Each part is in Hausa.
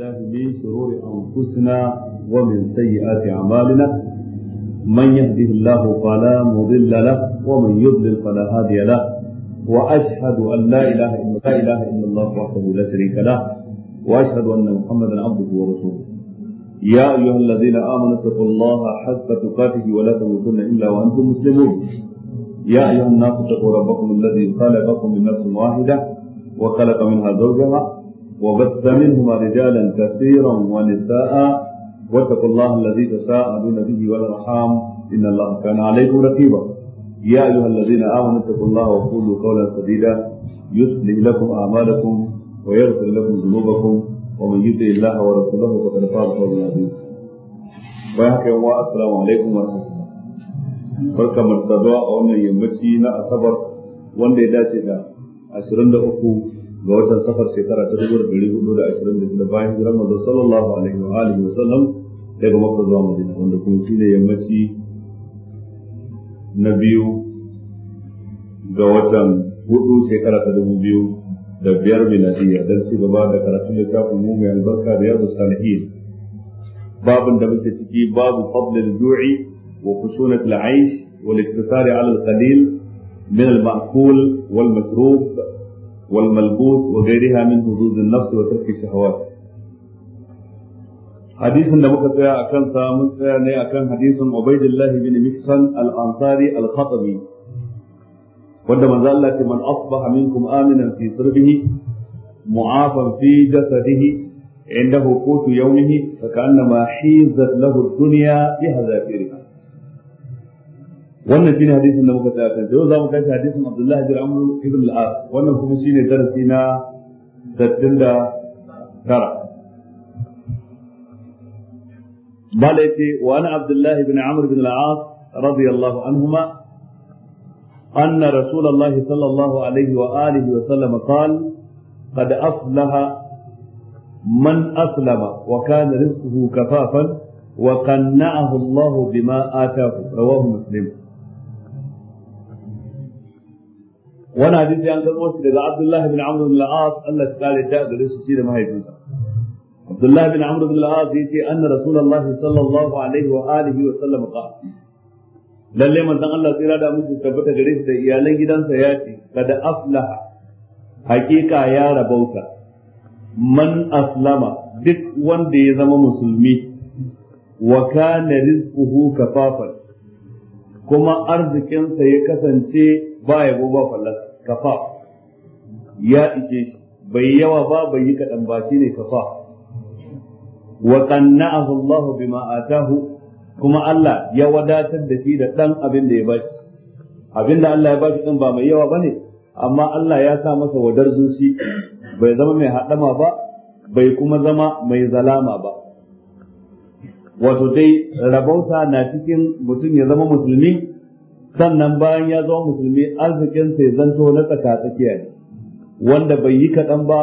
بالله من شرور أنفسنا ومن سيئات أعمالنا من يهده الله فلا مضل له ومن يضلل فلا هادي له وأشهد أن لا إله إلا لا إله إلا الله وحده لا شريك له وأشهد أن محمدا عبده ورسوله يا أيها الذين آمنوا اتقوا الله حق تقاته ولا تموتن إلا وأنتم مسلمون يا أيها الناس اتقوا ربكم الذي خلقكم من نفس واحدة وخلق منها زوجها وبث منهما رجالا كثيرا ونساء واتقوا الله الذي تساءلون به والارحام ان الله كان عليكم رقيبا يا ايها الذين امنوا اتقوا الله وقولوا قولا سديدا يصلح لكم اعمالكم ويغفر لكم ذنوبكم ومن يطع الله ورسوله فقد فاز فوزا عظيما bayan haka yawa assalamu alaikum wa rahmatullah barka mu saduwa a wannan yammaci na asabar wanda ya dace da 23 ga watan safar shekara ta dubu ɗari hudu da ashirin da shida bayan hijiran manzo sallallahu alaihi wa alihi wa sallam daga makka zuwa madina wanda kuma shi shine yammaci na biyu ga watan hudu shekara ta dubu biyu da biyar miladiya don ci gaba da karatun littafin mu mai albarka da yadda salihin babin da muke ciki babu fadlil du'i wa kusunat al-aish wal iktisari ala al-qalil min al-ma'kul wal masrub والملبوس وغيرها من حظوظ النفس hawa الشهوات حديث da muka tsaya a kansa mun tsaya ne akan hadisin "Obaidullahi bin Mihsan al-Ansari al-Khatabi wanda manzo Allah ce man asbaha minkum aminan fi sirbihi mu'afan fi jasadihi indahu qutu yawmihi fa ka'annama hizat lahu ad-dunya bi hazafiriha wannan shine hadisin da muka tsaya kan yau za mu tashi hadisin Abdullahi bin Amr ibn al-As wannan kuma shine darasi na 69 bala yace wa ana Abdullahi bin Amr ibn al-As radiyallahu anhuma أن رسول الله صلى الله عليه وآله وسلم قال قد أفلح من أسلم وكان رزقه كفافا وقنعه الله بما آتاه رواه مسلم wani hadisi an karɓo shi daga Abdullahi bin Amr bin al-As Allah ya kare ta gare su shi da mahaifinsa Abdullah ibn Amr ibn al-As yace anna Rasulullah sallallahu alaihi wa alihi wa sallam qala lalle manzon Allah tsira da miji tabbata gare shi da iyalan gidansa ya ce kada aflaha hakika ya rabauta man aslama duk wanda ya zama musulmi wa kana rizquhu kafafan kuma arzikinsa ya kasance ba yabo ba fallasa kafa ya ishe shi bai yawa ba bai yi kaɗan ba shi ne kafa wa qanna'ahu Allah bima atahu kuma Allah ya wadatar da shi da ɗan abin da ya bashi abin da Allah ya bashi ɗin ba mai yawa ba amma Allah ya sa masa wadar zuci bai zama mai haɗama ba bai kuma zama mai zalama ba wato dai rabauta na cikin mutum ya zama musulmi sannan bayan ya zama musulmi arzikin sai ya zanto na tsaka tsakiya ne wanda bai yi kaɗan ba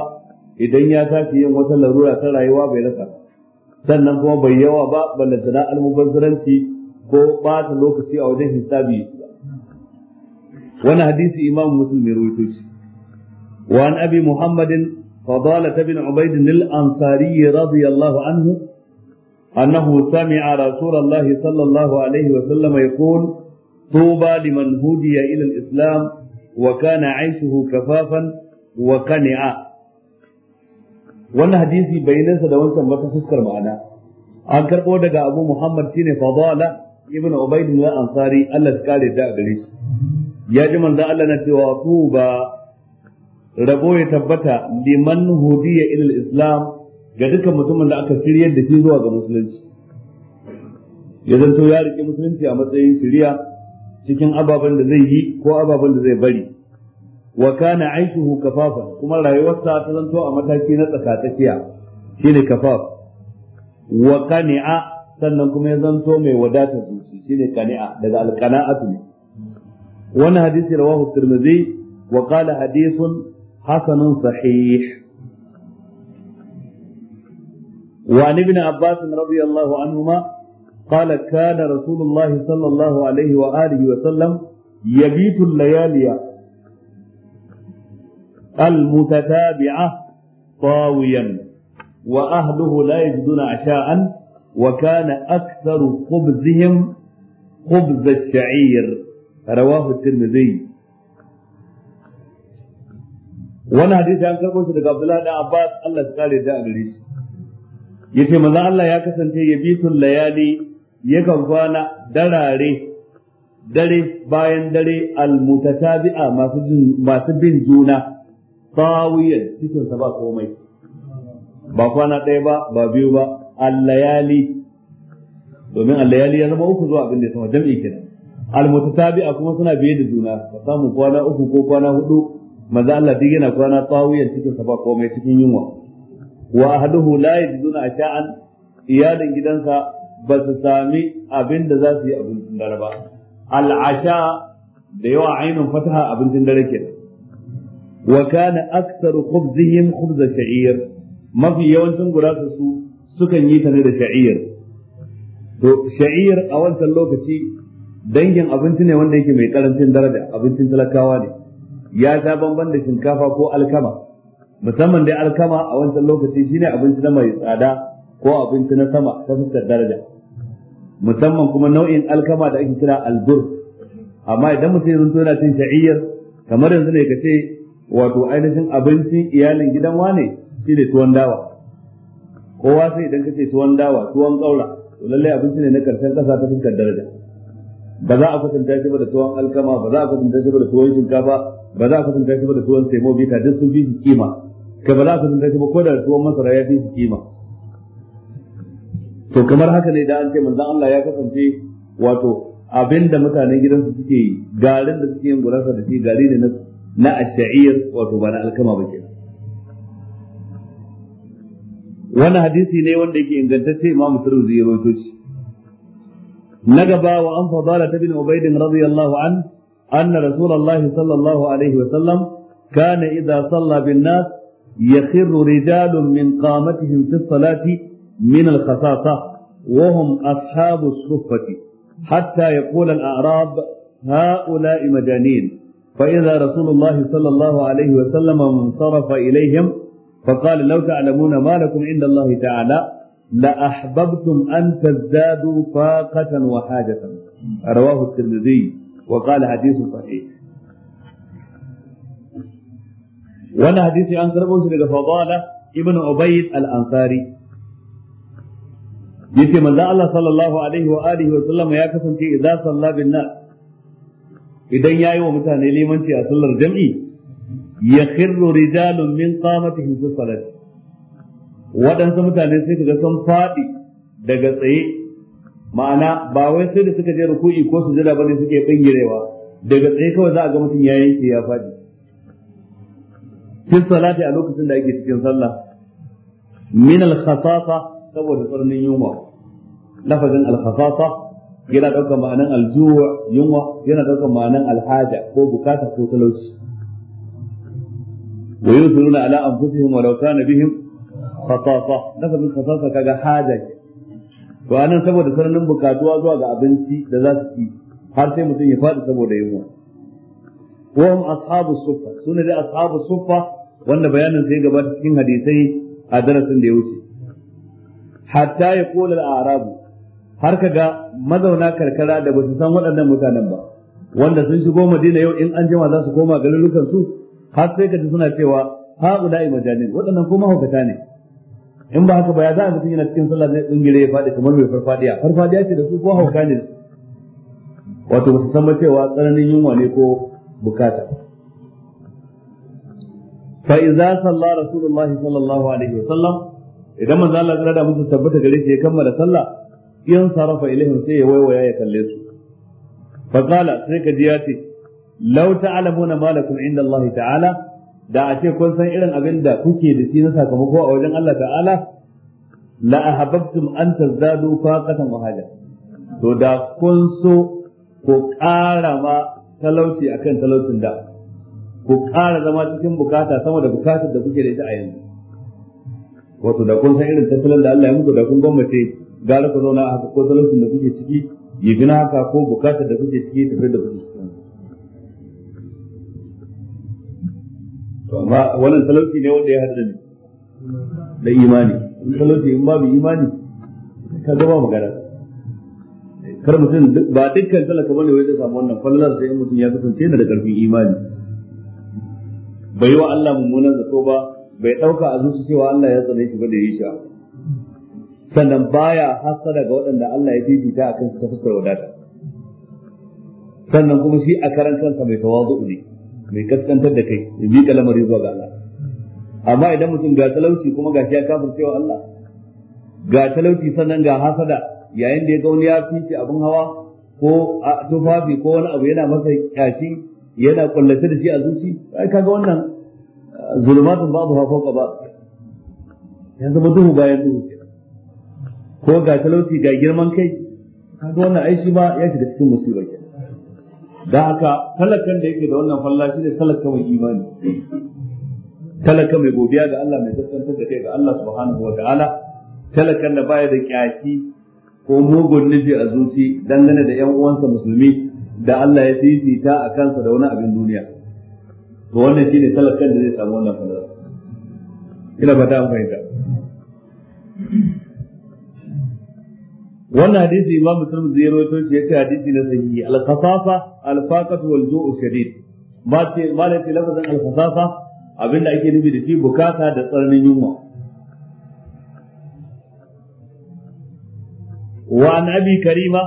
idan ya tashi yin wata larura ta rayuwa bai rasa sannan kuma bai yawa ba ballanta na almubazzaranci ko ɓata lokaci a wajen hisabi wani hadisi imam muslim ya rawaito shi wa an abi muhammadin fadala bin ubayd al ansari radiyallahu anhu annahu sami'a rasulullahi sallallahu alaihi wa sallam yaqul طوبى لمن هدي إلى الإسلام وكان عيشه كفافا وقنعا wannan hadisi bayanansa da wancan wata fuskar ma'ana an karɓo daga abu muhammad shine fadala ibn ubaidullah ansari Allah shi da gare ya ji manzo Allah na cewa tuba rabo ya tabbata liman hudiya ila islam ga dukkan mutumin da aka shiryar da shi zuwa ga musulunci ya zanto ya riƙe musulunci a matsayin shiriya cikin ababen da zai yi ko ababen da zai bari wa kana aishuhu kafafa kuma rayuwarsa ta zanto a mataki na tsakatsakiya shine kafaf wa qani'a sannan kuma ya zanto mai wadatar zuci shine qani'a daga alqana'atu ne wannan hadisi rawahu tirmidhi wa qala hadithun hasanun sahih وعن ابن عباس رضي الله عنهما قال كان رسول الله صلى الله عليه وآله وسلم يبيت الليالي المتتابعة طاويا وأهله لا يجدون عشاء وكان أكثر خبزهم خبز الشعير رواه الترمذي وانا حديث عن كربو shi قبل الله dan الله سكالي ya kare da الله يا yace يبيت الليالي yakan kwana darare dare bayan dare almutatabi'a masu masu bin juna tawiyan cikin sa ba komai ba kwana ɗaya ba ba biyu ba allayali domin allayali ya zama uku zuwa abin da ya sama jam'i kenan almutatabi'a kuma suna biye da juna ka samu kwana uku ko kwana hudu maza Allah duk yana kwana tawiyan cikin sa ba komai cikin yunwa wa ahaduhu la yajiduna asha'an iyalin gidansa ba su sami abin da za su yi abincin dare ba al'asha da yawa ainihin fataha abincin dare ke. wa kana aktsaru khubzihim khubza sha'ir mafi yawancin gurasa su sukan yi ta da sha'ir to sha'ir a wancan lokaci dangin abinci ne wanda yake mai karancin daraja abincin talakawa ne ya sha bamban da shinkafa ko alkama musamman dai alkama a wancan lokaci shine abinci na mai tsada ko abinci na sama ta fuskar daraja musamman kuma nau'in alkama da ake kira albur amma idan mutum ya zanto yana cin sha'iyyar kamar yanzu ne ka ce wato ainihin abincin iyalin gidan wane ne tuwon dawa kowa sai idan ka ce tuwon dawa tuwon ƙaura to lallai abinci ne na ƙarshen ƙasa ta fuskar daraja ba za a kwatanta shi ba da tuwon alkama ba za a kwatanta shi ba da tuwon shinkafa ba za a kwatanta shi ba da tuwon semo bita duk sun fi su kima kai ba za a kwatanta shi ba ko da tuwon masara ya fi su kima to kamar haka ne da an ce manzon Allah ya kasance wato abinda mutanen gidansu suke yi garin da suke yin gurasa da shi gari ne na na ash'ir wato ba na alkama ba ke. wannan hadisi ne wanda yake ingantacce Imam Tirmidhi ya rawaito shi na gaba wa an fadala ta bin Ubayd radiyallahu an anna Rasulullah sallallahu alaihi wa sallam kana idza salla bin nas يخر رجال من من الخصاصة وهم أصحاب الصفة حتى يقول الأعراب هؤلاء مجانين فإذا رسول الله صلى الله عليه وسلم انصرف إليهم فقال لو تعلمون ما لكم عند الله تعالى لأحببتم أن تزدادوا فاقة وحاجة رواه الترمذي وقال حديث صحيح وانا حديث عن كربوس فضالة ابن عبيد الأنصاري yace manzo Allah sallallahu alaihi wa alihi wa sallam ya kasance idza salla bin nas idan yayi wa mutane limanci a sallar jam'i yakhirru rijalun min qamatihim fi salati waɗansu mutane sai kaga sun faɗi daga tsaye ma'ana ba wai sai da suka je ruku'i ko sujada bane suke bingirewa daga tsaye kawai za a ga mutum ya yanke ya faɗi fi salati a lokacin da ake cikin sallah min al saboda tsarnin yunwa lafazin al-khasasa yana daukar ma'anan al-ju' yunwa yana daukar ma'anan al-haja ko bukata ko talauci wa yusiruna ala anfusihim wa law kana bihim khasasa lafazin khasasa kaga haja to anan saboda sanannen bukatuwa zuwa ga abinci da za su ci har sai mutum ya faɗi saboda yunwa wahum ashabu suffa sune da ashabu suffa wanda bayanin sai gabata cikin hadisai a darasin da ya wuce hatta ya kola Arabu. har ka ga mazauna karkara da ba su san waɗannan mutanen ba wanda sun shigo madina yau in an jima za su koma garurukan su har sai ka ji suna cewa ai majalin waɗannan kuma mahaukata ne in ba haka ba ya za a mutum yana cikin sallah zai dingire ya faɗi kamar mai farfadiya farfadiya ce da su ko hauka ne wato ba su san ba cewa tsananin yunwa ne ko bukata fa idza salla rasulullahi sallallahu alaihi wasallam idan manzo Allah ya da musu tabbata gare shi ya kammala sallah in sarafa ilaihim sai ya waiwaya ya kalle su fa qala sai kaji ya ce law ta'lamuna ma lakum inda Allah ta'ala da a ce kun san irin abin da kuke da shi na sakamako a wajen Allah ta'ala la ahabbtum an tazdadu faqatan wa haja to da kun so ku ƙara ma talauci akan talaucin da ku ƙara zama cikin bukata sama da bukatar da kuke da ita a yanzu wato da kun san irin tattalin da Allah ya muku da kun gwammace gara ku zauna haka ko talaucin da kuke ciki ya gina haka ko bukatar da kuke ciki tafiyar da kuke ciki amma wannan talauci ne wanda ya hada da da imani in talauci in babu imani ka gaba magana kar mutum ba dukkan talaka bane wai zai samu wannan fallar sai mutum ya kasance yana da karfin imani bai wa Allah mummunan zato ba bai dauka a zuci cewa Allah ya tsare shi ba da yi shi sannan baya hasara ga waɗanda Allah ya fifita a kansu ta fuskar wadata sannan kuma shi a karan kansa mai tawazu ne mai kaskantar da kai ya miƙa lamari zuwa ga Allah amma idan mutum ga talauci kuma ga shi ya cewa Allah ga talauci sannan ga hasada yayin da ya ga wani ya fi shi abin hawa ko tufafi ko wani abu yana masa kyashi yana kullace da shi a zuci ai kaga wannan eh, zulumatun babu hafa ba yanzu mutum bayan duhu ko ga talauci ga girman kai kaga wannan ai shi ma ya shiga cikin musibar ke da haka talakan da yake da wannan falla shi ne talaka mai imani talaka mai godiya ga Allah mai kaskantar da kai ga Allah subhanahu wa ta'ala talakan da baya da kyashi ko mugun nufi a zuci dangane da yan uwansa musulmi da Allah ya fifita a kansa da wani abin duniya to wannan shine talakan da zai samu wannan falla. ina ba ta fahimta wannan hadisi imamu turmizi ya rawaito shi yace hadisi na sahihi al-khasafa al-faqat wal ju'u shadid ma ce malai ce lafazin al-khasafa abinda ake nufi da shi bukata da tsarnin yunwa wa an abi karima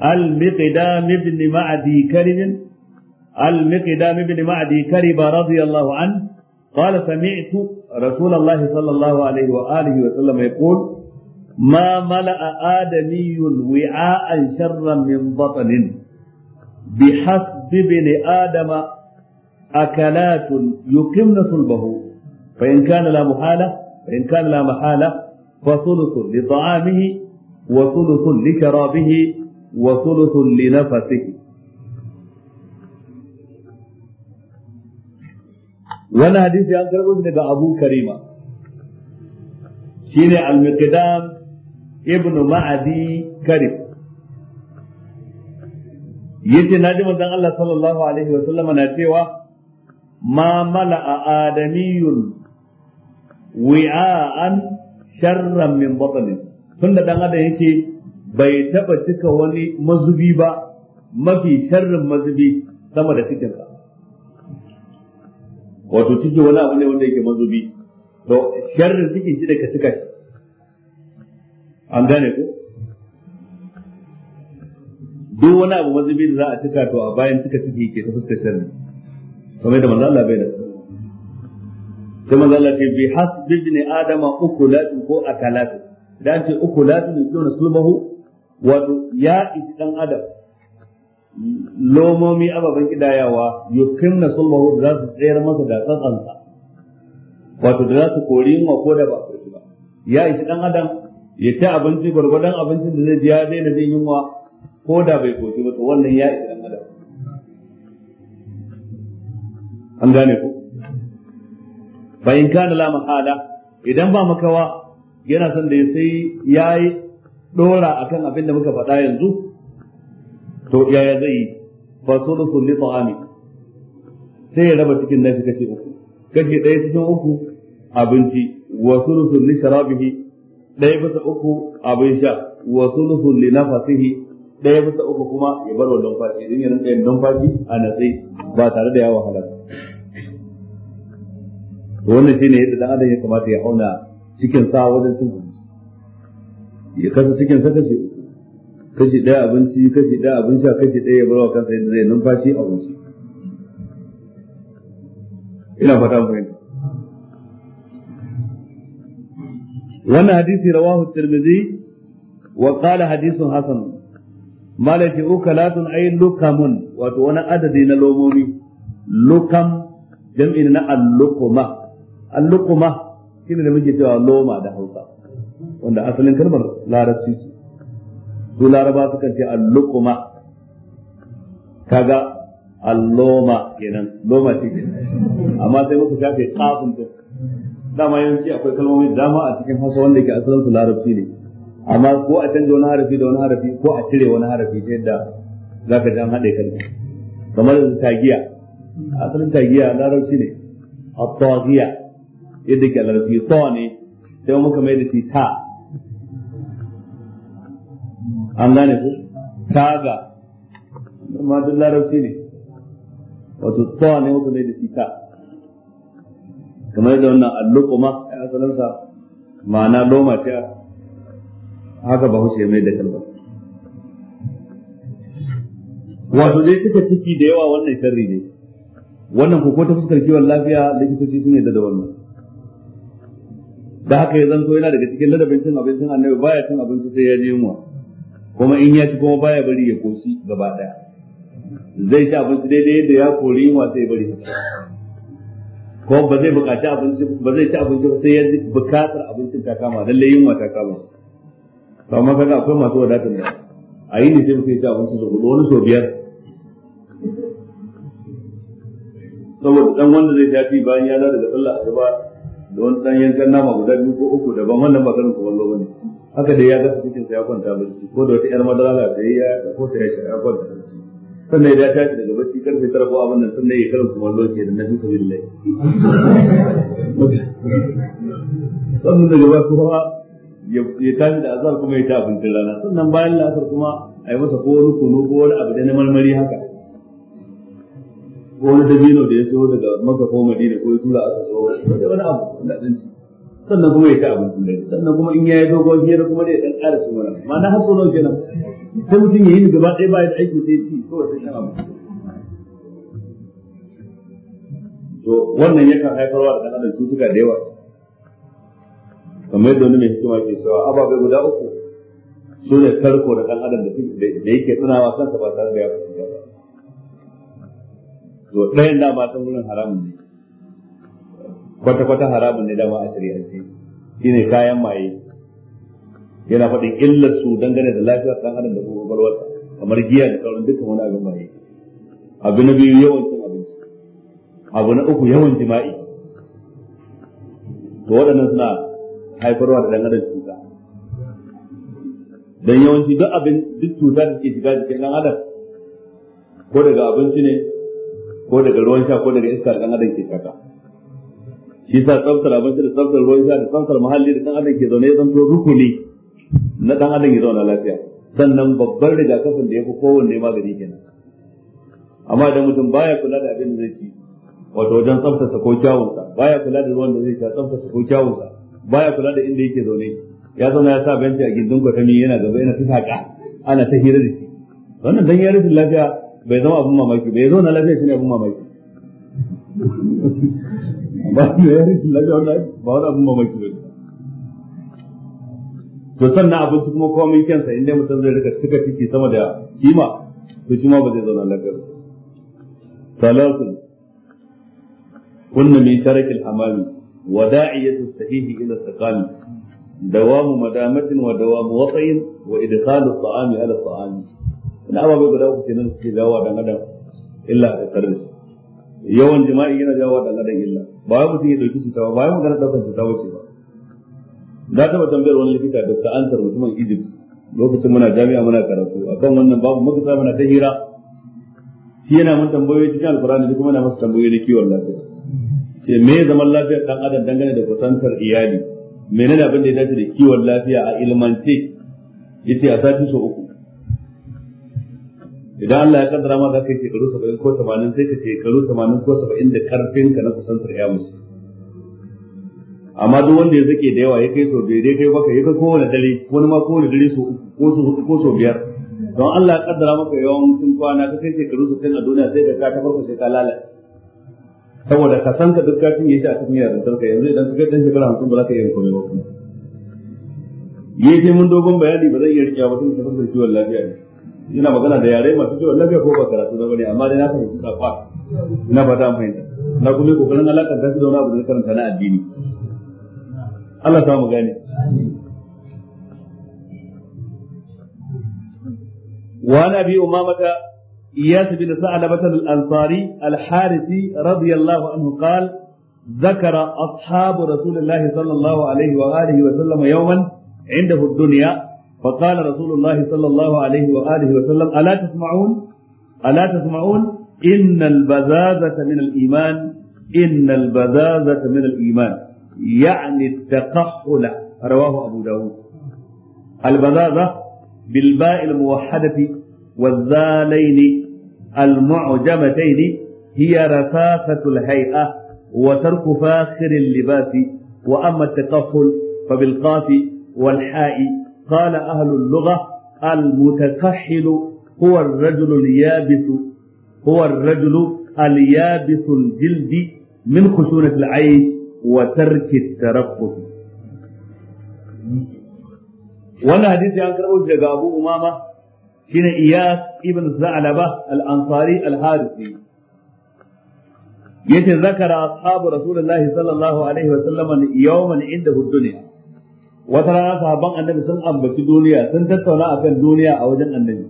al-miqdam ibn ma'adi karim المقدام بن معدي كرب رضي الله عنه قال سمعت رسول الله صلى الله عليه وآله وسلم يقول ما ملأ آدمي وعاء شرا من بطن بحسب ابن آدم أكلات يقمن صلبه فإن كان لا محالة فإن كان لا محالة فثلث لطعامه وثلث لشرابه وثلث لنفسه وأنا hadisi an أبو كريمة شيني المقدام ibnu ma'adi karib yace na ji manzon Allah sallallahu alaihi wa sallama na cewa ma mala adamiyun wi'an sharran min batnin tunda dan adam yake bai taba cika wani mazubi ba mafi sharrin mazubi sama da ka wato ciki wani abu ne wanda yake mazubi to sharrin cikin shi da ka cika shi an gane ko duk wani abu mazubi da za a cika to a bayan cika ciki ke ta fuskar sharri kamar da manzo Allah bai da sai manzo Allah ke bi hasbi ibn adama ukulatu ko akalatu dan ce ukulatu ne kiyon sulmahu wato ya dan adam lomomi ababen kidayawa yukinna sulmahu da za su tsayar masa da tsantsansa wato da za su kori yunwa ko da ba ba ya ishi dan adam ya ta abinci gwargwadon abincin da zai ji zai daina jin yunwa ko da bai koshi ba to wannan ya isa dan adam an gane ku bayan kana la mahala idan ba makawa yana son da sai yayi dora akan abin da muka faɗa yanzu to yaya zai yi fa sulusu li ta'ami sai ya raba cikin nashi kashi uku kashi ɗaya cikin uku abinci wa sulusu li sharabihi ɗaya bisa uku abin sha wasu sulusun li nafasihi ɗaya bisa uku kuma ya bar wa numfashi idan ya rinka yin numfashi a natsi ba tare da yawa halar wannan shine yadda dan adam ya kamata ya auna cikin sa wajen cin abinci ya kasa cikin sa kashi uku kashi ɗaya abinci kashi ɗaya abin sha kashi ɗaya ya bar wa kansa yadda zai numfashi a wuce ina fata mu fahimta wannan hadisi rawahu tirmidhi wa qala hadithun hasan malaki ukalatun ay lukamun wato wani adadi na lomomi lukam jam'i na al-luqma al-luqma shine da muke cewa loma da Hausa wanda asalin kalmar larabci ce su laraba sukan ce al-luqma kaga al-loma kenan loma ce amma sai muka shafe kafin duk dama yawanci akwai kalmomi dama a cikin hausa wanda ke asalin su larabci ne amma ko a canja wani harafi da wani harafi ko a cire wani harafi ta yadda za ka jan an haɗe kalma kamar tagiya asalin tagiya larabci ne a tagiya yadda ke larabci ta ne sai muka mai da shi ta an gane ku taga ma duk larabci ne wato to ne muka mai da shi ta kamar da wannan alluquma ya asalinsa ma'ana loma ce haka ba hushe mai da kalba wato dai suka ciki da yawa wannan sharri ne wannan ko ta fuskar kiwon lafiya likitoci sun yadda da wannan da haka ya zanto yana daga cikin ladabin cin abincin annabi baya cin abinci sai ya je yunwa kuma in ya ci kuma baya bari ya koshi gaba daya zai ci abinci daidai yadda ya kori yunwa sai ya bari ko ba zai bukaci abinci ba zai ci abinci ba sai ya ji bukatar abincin ta kama lalle yunwa ta kama shi to amma kaga akwai masu wadatar da a yi ne sai mutum ya ci abinci sau hudu wani sau biyar saboda dan wanda zai tafi bayan ya daga sallah asuba da wani dan yankan nama guda biyu ko uku daban wannan ba karin kumallo bane haka dai ya ga cikin sa ya kwanta barci ko da wata yar madara da ya ko ta ya kwanta barci sannan ya shi daga bacci karfe tara ko abin nan sannan ya karin kuma loke da da sabilillah sannan daga ba hawa ya tashi da azar kuma ya ta abincin rana sannan bayan la'asar kuma a yi masa ko wani kunu ko wani abu da na marmari haka ko wani dabino da ya so daga maka ko madina ko ya tura a so da wani abu da ɗanci sannan kuma ya ci abincin ne sannan kuma in ya yi dogon hira kuma dai dan ƙara cin wani ma'ana har sau kenan sai mutum ya yi ni gaba ɗaya bayan da aikin sai ci ko sai shan abinci to wannan yakan haifarwa da ɗan adam cutuka da yawa kamar yadda wani mai hikima ke cewa ababai guda uku su ne tarko da ɗan adam da yake tsinawa kansa ba tare da ya fahimta ba to ɗayan da ba ta wurin haramun ne kwata kwata haramun ne dama a shari'ance ne kayan maye yana faɗin illar su dangane da lafiyar ɗan adam da kwakwalwarsa kamar giya da sauran dukkan wani abin maye abu na biyu yawan cin abinci abu na uku yawan jima'i to waɗannan suna haifarwa da dangane da cuta dan yawanci duk abin duk cuta da ke shiga jikin ɗan adam ko daga abinci ne ko daga ruwan sha ko daga iska ɗan adam ke shaka shi sa tsaftar abinci da tsaftar ruwan sha da tsaftar muhalli da dan adam ke zaune ya zanto rukuni na dan adam ya zauna lafiya sannan babbar rigakafin da ya fi kowanne magani kenan amma idan mutum baya kula da abin da zai ci wato wajen sa ko kyawunsa baya kula da ruwan da zai sha sa ko kyawunsa baya kula da inda yake zaune ya zauna ya sa benci a gindin kwatami yana gaba yana ta saka ana ta hira da shi wannan dan ya rashin lafiya bai zama abin mamaki bai zauna lafiya shi ne abin mamaki ba da ya rashin lafiya wannan ba wani abin mamaki ba to sannan abinci kuma komai kyansa inda mutum zai rika cika ciki sama da kima to shi ma ba zai zauna lafiya talatin kunna min sharakil hamami وداعية الصحيح إلى السقام دوام مدامة ودوام وطئ وإدخال الطعام على الطعام ina ba bai guda uku kenan suke jawo dan adam illa a karin yawan jima'i illa ba wai mutum ya dauki cuta ba ba wai magana daukar cuta wace ba na taba tambayar wani likita da ka ansar mutumin Egypt lokacin muna jami'a muna karatu akan wannan babu makasa muna ta hira shi yana mun tambayoyi cikin da duk na masa tambayoyi na kiwon lafiya ce me zaman lafiyar dan adam dangane da kusantar iyali menene abin da ya dace da kiwon lafiya a ilmance yace a sati so uku idan Allah ya kaddara ma za ka yi shekaru 70 ko 80 sai ka shekaru 80 ko 70 da karfin ka na kusantar ya musu amma duk wanda ya zake da yawa ya kai so bai dai kai baka ya kai kowane dare wani ma kowane dare so ko so hudu ko so biyar don Allah ya kaddara maka yawan sun kwana ka kai shekaru sittin a duniya sai ka ka ta farko sai ka lalace saboda ka san ka duk ka tun shi a cikin yarintar ka yanzu idan ka kai dan shekara 50 ba za ka iya komai ba kuma yi sai mun dogon bayani ba zai iya rikewa ba tun da tafasar kiwon lafiya ne yana magana da yare masu kyau na ko ba karatu na bane amma dai na fahimci safa ina ba ta fahimta na kuma yi kokarin alakar ta da wani abu da karanta na addini Allah ta mu gane وعن ابي امامه اياس بن ثعلبه الانصاري الحارثي رضي الله عنه قال ذكر اصحاب رسول الله صلى الله عليه واله وسلم يوما عنده الدنيا فقال رسول الله صلى الله عليه وآله وسلم ألا تسمعون ألا تسمعون إن البذاذة من الإيمان إن البذاذة من الإيمان يعني التقحل رواه أبو داود البذاذة بالباء الموحدة والذالين المعجمتين هي رفافة الهيئة وترك فاخر اللباس وأما التقفل فبالقاف والحاء قال أهل اللغة المتكحل هو الرجل اليابس هو الرجل اليابس الجلد من خشونة العيش وترك الترقب وانا حديث عن كربو جاء أبو أمامة كنا إياس ابن الزعلبة الأنصاري الحارثي يتذكر أصحاب رسول الله صلى الله عليه وسلم يوما عنده الدنيا wata rana sahabban annabi sun ambaci duniya sun tattauna akan duniya a wajen annabi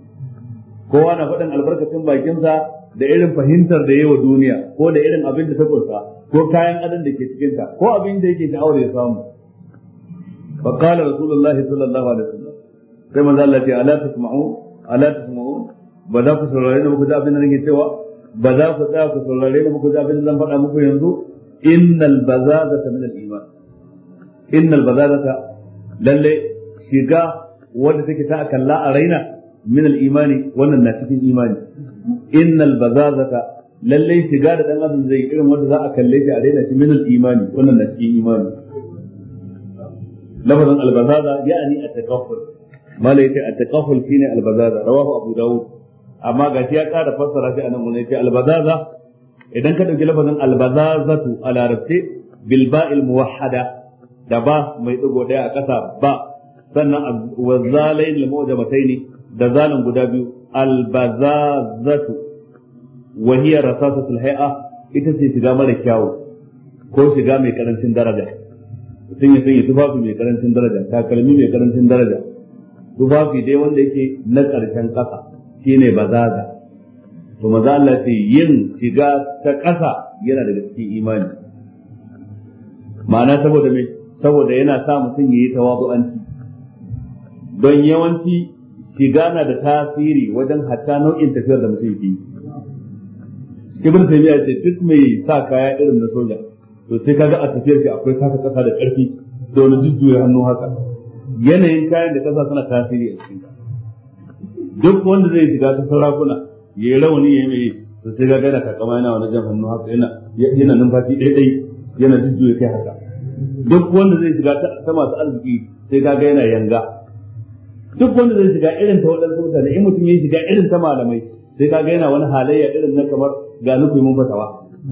kowa na faɗin albarkacin bakinsa da irin fahimtar da yawa duniya ko da irin abin da ta kunsa ko kayan adon da ke cikinta ko abin da yake sha'awar ya samu فقال رسول الله صلى الله عليه sai manzo Allah ce ala tasma'u ala tasma'u ba za ku saurare ni muku ji abin da nake cewa ba za ku tsaya ku saurare ni muku ji abin da zan faɗa muku yanzu innal bazazata min al iman innal bazazata lalle shiga wanda take ta kalla a raina min imani wannan na cikin imani innal bazazata lalle shiga da dan adam zai irin wanda za a kalle shi a raina shi min imani wannan na cikin imani lafazan albazaza bazaza ya'ani at-takafful mala yace at-takafful shine albazaza, bazaza rawahu abu dawud amma gashi ya kara fassara shi anan mun yace al-bazaza idan ka dauki lafazin al-bazazatu a larabce bil ba'il muwahhada da ba mai digo daya a ƙasa ba sannan wazzalain al ne da zalin guda biyu albazazatu wa hiya rasasatul hay'a ita ce shiga mara kyawu ko shiga mai karancin daraja mutum ya sanya tufafi mai karancin daraja takalmi mai karancin daraja tufafi dai wanda yake na ƙarshen ƙasa shine bazaza to maza Allah ce yin shiga ta ƙasa yana daga cikin imani ma'ana saboda me saboda yana sa mutum ya yi tawazu'anci don yawanci shiga na da tasiri wajen hatta nau'in tafiyar da mutum yake ibn taymiya ce duk mai sa kaya irin na soja to sai kaga a tafiyar shi akwai saka kasa da karfi don wani jujjuya hannu haka yanayin kayan da kasa suna tasiri a cikin duk wanda zai shiga ta sarakuna ya yi rauni ya mai to sai kaga yana takama yana wani jan hannu haka yana numfashi ɗaiɗai yana jujjuya kai haka duk wanda zai shiga ta masu arziki sai ka ga yana yanga duk wanda zai shiga irin ta waɗansu mutane in mutum ya shiga irin ta malamai sai ka ga yana wani halayya irin na kamar ga nufi mun fasawa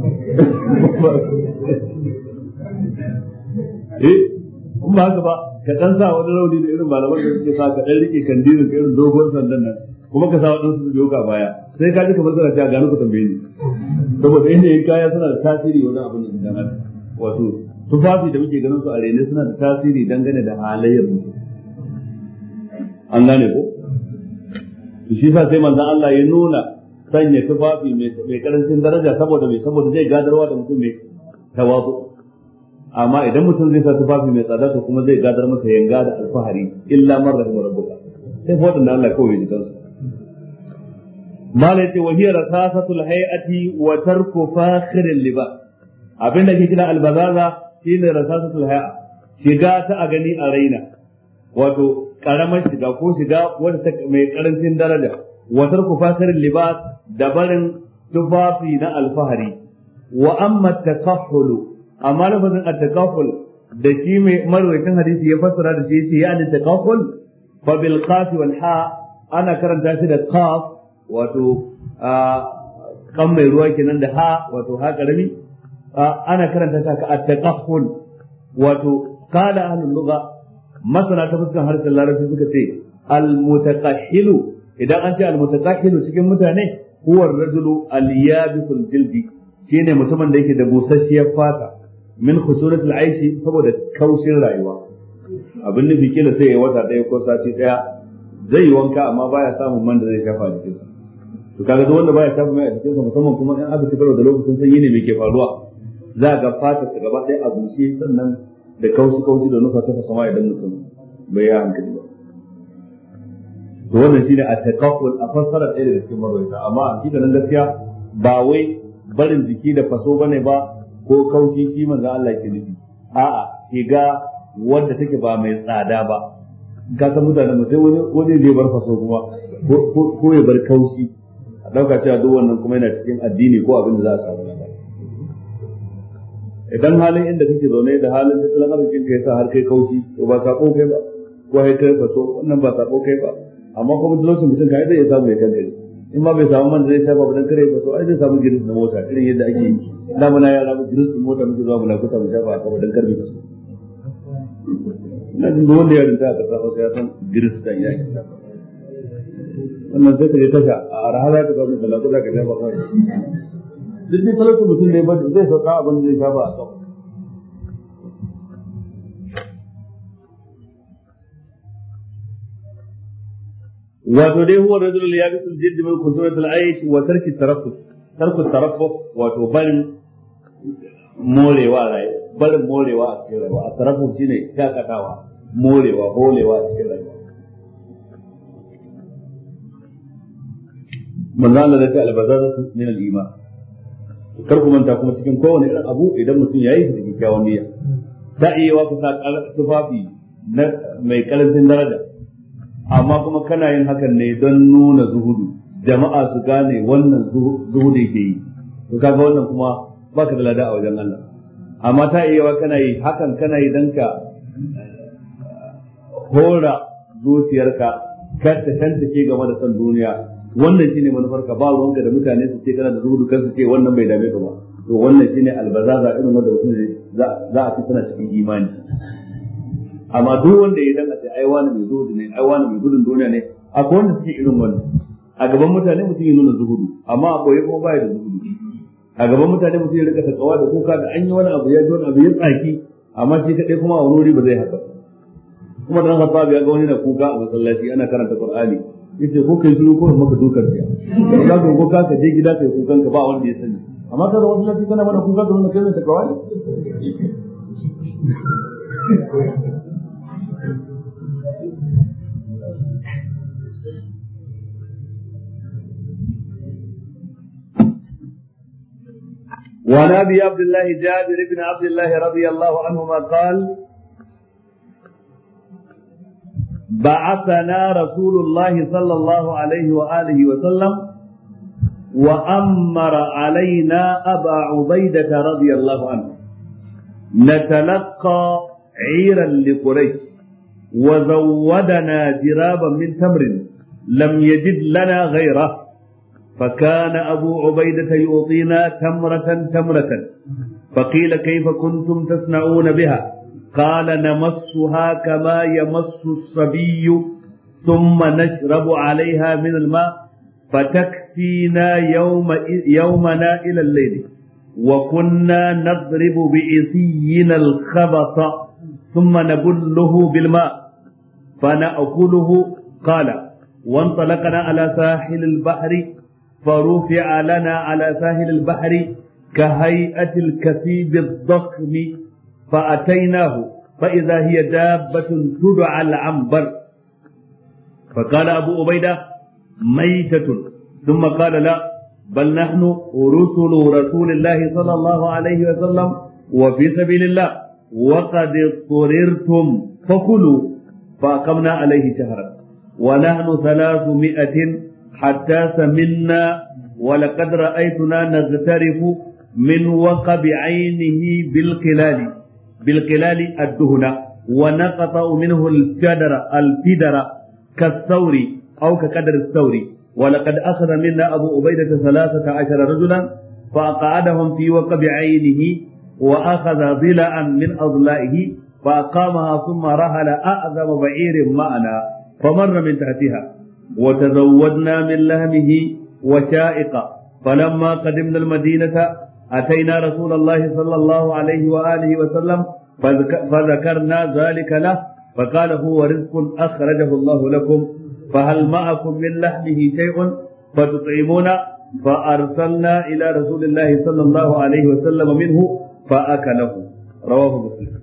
eh kuma haka ba ka dan sa wani rauni da irin malaman da suke sa ka dan rike kandilin ka irin dogon sandan nan kuma ka sa waɗansu su doka baya sai ka ji kamar suna cewa ga nufi tambaye ni saboda inda yin kaya suna da tasiri wajen abin da dan wato tufafi da muke ganin su a rene suna da tasiri dangane da halayyar mutum an gane ko shi sa sai manzon Allah ya nuna sanya tufafi mai karancin daraja saboda mai saboda zai gadarwa da mutum mai tawazu amma idan mutum zai sa tufafi mai tsada to kuma zai gadar masa yanga da alfahari illa man rahima rabbuka sai fa wadanda Allah kawai ji kansu malai ce wa hiya rasasatul hay'ati wa tarku fakhiril liba abinda ke kira albazaza shine rasasatul haya shiga ta a gani a raina wato karamar shiga ko shiga wanda ta mai karancin daraja wata ku fakarin libas da barin tufafi na alfahari wa amma takahhulu amma lafazin at-takahhul da shi mai marwaitin hadisi ya fassara da shi yace ya at-takahhul fa bil qaf wal ha ana karanta shi da qaf wato kan mai ruwa kenan da ha wato ha karami ana karanta ta ka at-taqafful wato qala ahlul lugha masana ta fuskan harshen larabci suka ce al-mutaqahhilu idan an ce al-mutaqahhilu cikin mutane huwa ar-rajulu al-yabisul jildi shine mutumin da yake da busasshiyar fata min al aishi saboda kaushin rayuwa abin nufi kila sai ya wata ɗaya ko sati ɗaya zai yi wanka amma baya samun man da zai shafa a jikinsa to kaga duk wanda baya shafa mai a jikinsa musamman kuma in aka ci karo da lokacin sanyi ne me ke faruwa za ga fata ta gaba ɗaya a bushe sannan da kausu kausu da nufa saka sama idan mutum bai ya hankali ba to wannan shine a taqawul a fassara ɗaya daga cikin marwaita amma a cikin nan gaskiya ba wai barin jiki da faso bane ba ko kaushi shi manzo Allah ke nufi a'a ga wanda take ba mai tsada ba ka san mutanen mu sai wani wani zai bar faso kuma ko ya bar kaushi a dauka cewa duk wannan kuma yana cikin addini ko abin da za a samu idan halin inda kake zaune da halin tattalin arzikin ka yasa har kai kaushi to ba sako kai ba ko kai kai ba so wannan ba sako kai ba amma kuma duk lokacin mutum kai zai samu ya kankare in ma bai samu man zai shafa ba dan kare ba so ai zai samu giris na mota irin yadda ake yi da muna yara mu giris din mota muke zuwa muna kuta mu shafa ka ba dan karbi ba so ina jin wanda ya rinta ka safa sai ya san giris dan ya ke shafa wannan zai ta tasha a rahala ta ga samu da lako za ka shafa kawai duk dai talaucin mutum ne ba zai sauka abin da zai sha ba a kan wato dai huwa rajul ya bisu sul jidd kusuratul kusurat aish wa tarki taraffus tarku taraffus wato barin morewa rai barin morewa a cikin rayuwa a taraffus shine shakatawa morewa bolewa a cikin rayuwa manzo Allah da ta albazaratu ne na iman kar ku manta kuma cikin kowane irin abu idan mutum ya yi shi da kyakkyawan niyya ta iya wa kusa tufafi mai karancin daraja amma kuma kana yin hakan ne don nuna zuhudu jama'a su gane wannan zuhudu ke yi to kaga wannan kuma baka da lada a wajen Allah amma ta iya wa kana yi hakan kana yi don ka eh, hora zuciyarka kar ta ke game da san duniya wannan shine manufar ka ba ruwanka da mutane su ce kana da zuhudu kansu ce wannan bai dame ka ba to wannan shine albazaza irin wanda mutum za a ce tana cikin imani amma duk wanda ya dan a ce ai wani mai zuhudu ne ai wani mai gudun duniya ne akwai wanda suke irin wannan a gaban mutane mutum ya nuna zuhudu amma a koyi kuma baya da zuhudu a gaban mutane mutum ya rika takawa da kuka da an yi wani abu ya ji wani abu ya tsaki amma shi kadai kuma a wuri ba zai haka kuma dan Khattab ya ga wani na kuka a masallaci ana karanta Qur'ani yace ko kai shiru ko maka dukan ya za ka ko ka ka je gida kai kukan ka ba wanda ya sani amma kada wasu lati kana mana kuka da wannan kai mai takawa ne وعن ابي عبد الله جابر بن عبد الله رضي الله عنهما قال بعثنا رسول الله صلى الله عليه وآله وسلم وأمر علينا أبا عبيدة رضي الله عنه نتلقى عيرا لقريش وزودنا جرابا من تمر لم يجد لنا غيره فكان أبو عبيدة يعطينا تمرة تمرة فقيل كيف كنتم تصنعون بها قال نمسها كما يمس الصبي ثم نشرب عليها من الماء فتكفينا يوم يومنا إلى الليل وكنا نضرب بعصينا الخبط ثم نبله بالماء فنأكله قال وانطلقنا على ساحل البحر فرفع لنا على ساحل البحر كهيئة الكثيب الضخم فأتيناه فإذا هي دابة تدعى العنبر فقال أبو عبيدة ميتة ثم قال لا بل نحن رسل رسول الله صلى الله عليه وسلم وفي سبيل الله وقد اضطررتم فكلوا فأقمنا عليه شهرا ونحن ثلاثمائة حتى سمنا ولقد رأيتنا نغترف من وقب عينه بالقلال بالقلال الدهن ونقطع منه الفدر الفدر كالثور أو كقدر الثور ولقد أخذ منا أبو عبيدة ثلاثة عشر رجلا فأقعدهم في وقب عينه وأخذ ضلعا من أضلائه فأقامها ثم رحل أعظم بعير معنا فمر من تحتها وتزودنا من لهمه وشائقة فلما قدمنا المدينة أتينا رسول الله صلى الله عليه وآله وسلم فذكرنا ذلك له فقال هو رزق أخرجه الله لكم فهل معكم من لحمه شيء فتطعمون فأرسلنا إلى رسول الله صلى الله عليه وسلم منه فأكله رواه مسلم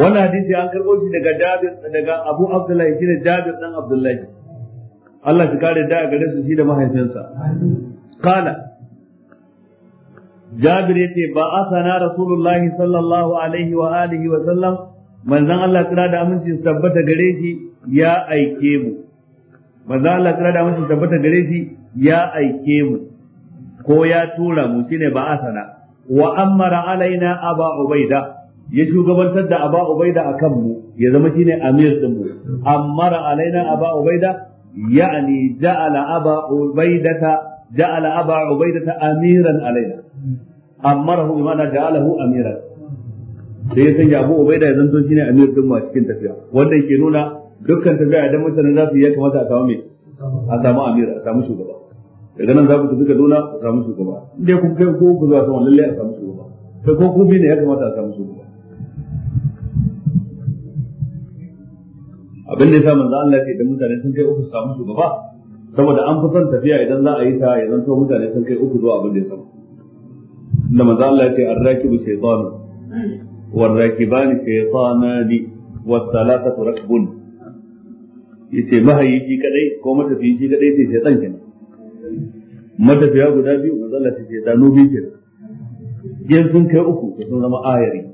wannan hadisi an karɓo shi daga Jabir daga Abu Abdullahi shine Jabir dan Abdullahi Allah shi kare da gare su shi da mahaifinsa qala Jabir yace ba asana Rasulullah sallallahu alaihi wa alihi wa sallam manzan Allah kira da aminci tabbata gare shi ya aike mu Manzan Allah kira da aminci tabbata gare shi ya aike mu ko ya tura mu shine ba asana wa amara alaina aba ubaida ya shugabantar da aba ubaida akan mu ya zama shine amir din mu amara alaina aba ubaida يعني جعل أبا عبيدة جعل أبا عبيدة أميرا علينا أمره بمعنى جعله أميرا sai ya sanya abu ubaida ya zanto shine amir din ma cikin tafiya Wannan ke nuna dukkan tafiya idan mutane za su yi ya kamata a samu me a samu amir a samu shugaba daga nan za ku tafi Kaduna a samu shugaba in dai kun kai ko ku a sama lalle a samu shugaba sai ko ku bi ne ya kamata a samu shugaba abin da ya sa manzo Allah ce idan mutane sun kai uku su samu shugaba saboda an fi son tafiya idan za a yi ta ya zanto mutane sun kai uku zuwa abin da ya samu da manzo Allah ya ce arrakibu shaytanu warrakibani shaytanani wasalatatu rakbun yace mahayi shi kadai ko matafiyi shi kadai sai shaytan kenan matafiya guda biyu manzo Allah ce shaytanu biyu kenan yanzu sun kai uku sun zama ayari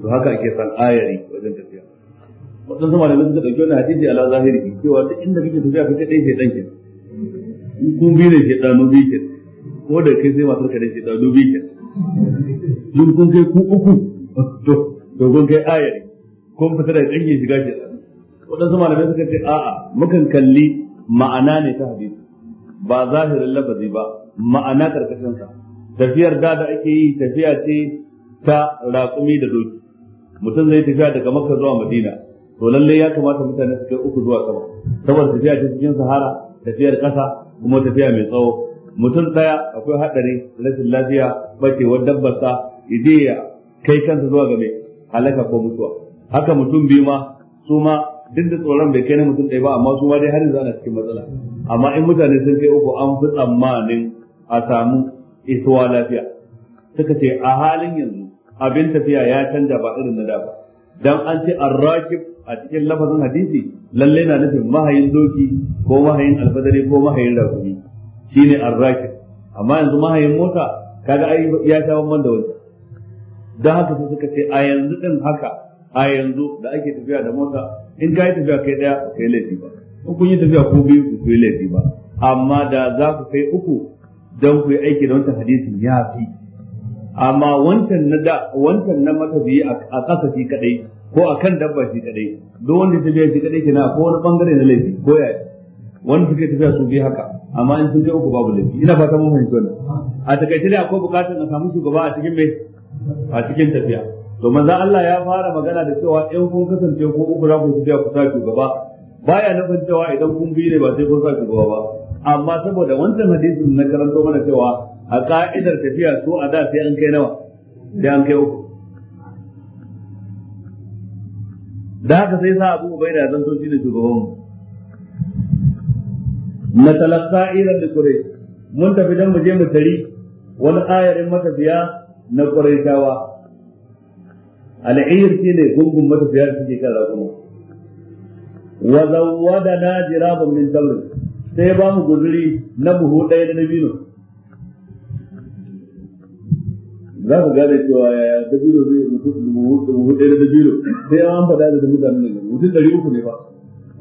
to haka ake san ayari da malamai suka ɗauki wannan hadisi ala zahiri cewa duk inda kake tafiya kake ɗaya shaidan ke in kun bi ne dano bi ke ko da kai sai matar ka sai dano bi ke in kun kai ku uku to to kun kai ayar kun fita da ɗanye shiga sama da malamai suka ce a'a mukan kalli ma'ana ne ta hadisi ba zahirin lafazi ba ma'ana karkashin sa tafiyar da da ake yi tafiya ce ta raƙumi da doki mutum zai tafiya daga makka zuwa madina to lalle ya kamata mutane su kai uku zuwa sama saboda tafiya ta cikin sahara tafiyar kasa kuma tafiya mai tsawo mutum daya akwai hadari rashin lafiya bacewar dabbarsa idiya kai kansa zuwa ga mai halaka ko mutuwa haka mutum biyu ma su ma duk da tsoron bai kai na mutum ɗaya ba amma su ma dai har yanzu ana cikin matsala amma in mutane sun kai uku an fi tsammanin a samu isuwa lafiya suka ce a halin yanzu abin tafiya ya canja ba irin na da ba dan an ce arrakib a cikin lafazin hadisi lalle na nufin mahayin doki ko mahayin alfadari ko mahayin rakumi shine arraki amma yanzu mahayin mota kaga ai ya sha man da wancan dan haka sai suka ce a yanzu din haka a yanzu da ake tafiya da mota in kai tafiya kai daya ba kai laifi ba in kun yi tafiya ko biyu ku kai laifi ba amma da za ku kai uku dan ku yi aiki da wancan hadisin ya fi amma wancan na da wancan na biyi a ƙasa shi kadai ko a kan dabba shi kadai duk wanda ta biya shi kadai kenan ko wani bangare na laifi ko ya wanda suke tafiya su biyu haka amma in sun kai uku babu laifi ina fata mun fahimci wannan a takaice dai akwai bukatar a samu shugaba a cikin mai a cikin tafiya to manzo Allah ya fara magana da cewa in kun kasance ko uku za ku tafiya ku sa shugaba baya nufin cewa idan kun biye ne ba sai kun sa shugaba ba amma saboda wancan hadisin na karanto mana cewa a ka'idar tafiya su a da sai an kai nawa sai an kai uku da haka sai sa abu bai da zanto shi ne shugaban na talaka iran da kure mun tafi don mu je mu tari wani ayarin matafiya na kuraitawa al'ayyar shi ne gungun matafiya da suke kan rakuma wa zawwada na jiraban min tamr sai ba mu guzuri na buhu ɗaya na biyu za ka gane cewa yaya dabino zai da hudu da dabino sai an faɗa da da nan mutum ɗari uku ne ba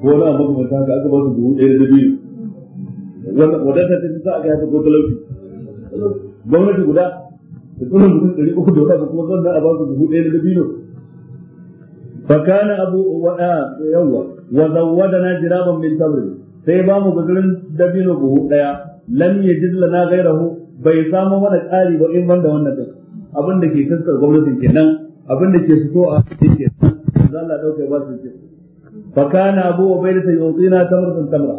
ko na makamanta haka aka ba su dubu ɗaya da dabino wadata ce ta sa aka haifa ko talauci gwamnati guda da tsoron mutum ɗari uku da wadata kuma zan a ba su dubu ɗaya da dabino fakana abu wada yawa wa ah, na jiraban min tamrin sai ba mu guzurin dabino buhu daya lam yajid lana ghayrahu bai samu mana ƙari ba in banda wannan din abin da ke taskar gwamnatin kenan abin da ke fito a cikin kenan za Allah dauka ba su ce fa kana abu ubayda ta yutina tamratan tamra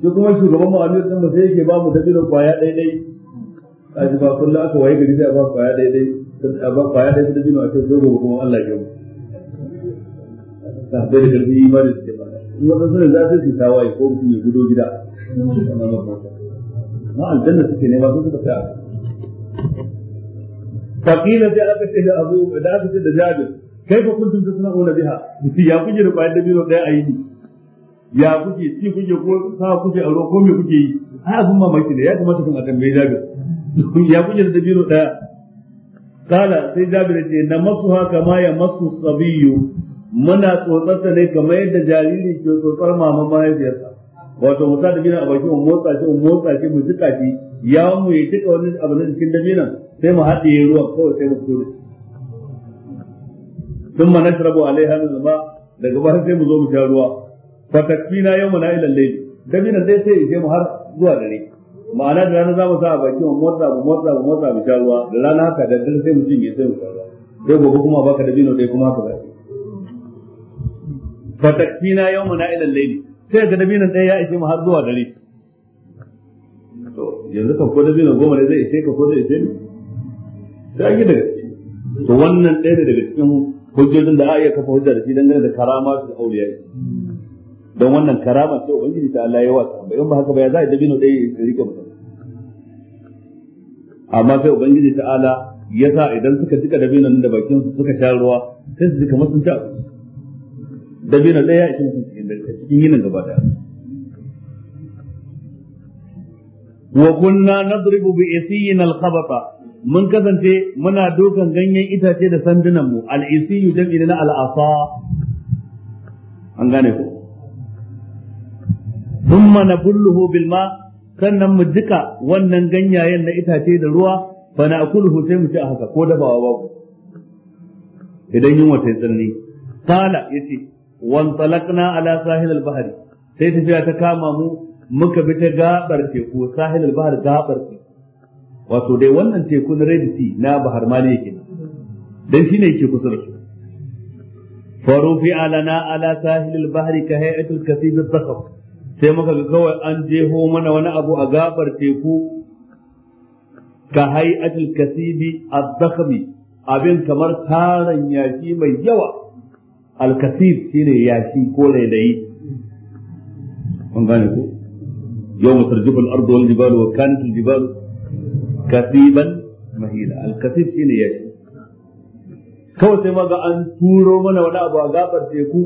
shi kuma shugaban mu amir din mu sai yake ba mu dabino kwaya dai dai kaji ba kullu aka waye gari sai ba kwaya dai dai a ba kwaya dai dabino a sai gobe kuma Allah ya yi sahabbai da karfi imani suke ba in waɗansu ne za su yi waye ko mutum ya gudo gida ma aljanna suke nema sun suka tsaya faqila da aka ce da abu da aka ce da jabir kaifa kuntum tasna'una biha ya kuke da kwayar dabino daya a yini ya kuke ci kuke ko sa kuke aro ko me kuke yi a abun mamaki ne ya kamata kun tambaye jabir ya kuke da dabino daya kala sai jabir ce na masuha kama ya masu sabiyu muna tsotsarta ne kamar yadda jariri ke tsotsar maman mahaifiyarsa wato mu sa dabino a bakin mu motsa shi mu motsa shi mu jika ya mu yi duka wani abu na cikin dabinan sai mu haɗiye ruwan kawai sai mu fito da shi sun ma nashrabu alaiha min zama daga bahar sai mu zo mu sha ruwa fa takfina mu na ilan layl dabinan dai sai ishe mu har zuwa dare ma'ana da rana za mu sa a baki mu motsa mu motsa mu motsa mu sha ruwa da rana haka da dare sai mu cinye sai mu sha ruwa sai gobe kuma baka bino dai kuma haka zai fa takfina mu na ilan layl sai ga dabinan ɗaya ya ishe mu har zuwa dare yanzu kan ko dabino goma ne zai ishe ka ko zai ishe ni ta gida to wannan ɗaya daga cikin hujjojin da a iya kafa hujja da shi dangane da karama su auliya don wannan karama ce ubangiji ta Allah ya wasa ba in ba haka ba ya za a dabino ɗaya ya rike mutum amma sai ubangiji ta Allah ya sa idan suka jika dabinon da bakin su suka sha ruwa sai su ji kamar sun ci abinci dabino ɗaya ya ishe mutum cikin yinin gaba daya wa kunna nadribu bi isiyin al-khabata mun kasance muna dukan ganyen itace da sandunan mu al-isiyu jam'i na al-asa an gane ko thumma nabulluhu bil ma kannan mu jika wannan ganyayen na itace da ruwa fa na'kuluhu sai mu ci a haka ko dafawa babu idan yin wata tsanani qala yace wan talaqna ala sahil al-bahri sai tafiya ta kama mu muka bi ta gabar teku sahilul bahar gabar teku wato dai wannan teku na Red Sea na Bahar Maliya kenan dan shine yake kusa da su farufi alana ala sahilul bahri ka hay'atul kasib ad-dakhab sai muka ga kawai an jeho mana wani abu a gabar teku ka hay'atul kasib ad-dakhab abin kamar taran yashi mai yawa al-kasib shine yashi ko lailayi kun gane ko يوم ترجف الأرض والجبال وكانت الجبال كثيبا مهيلا الكثيب شيء ياشي kawai sai maga an turo mana wani abu a gabar teku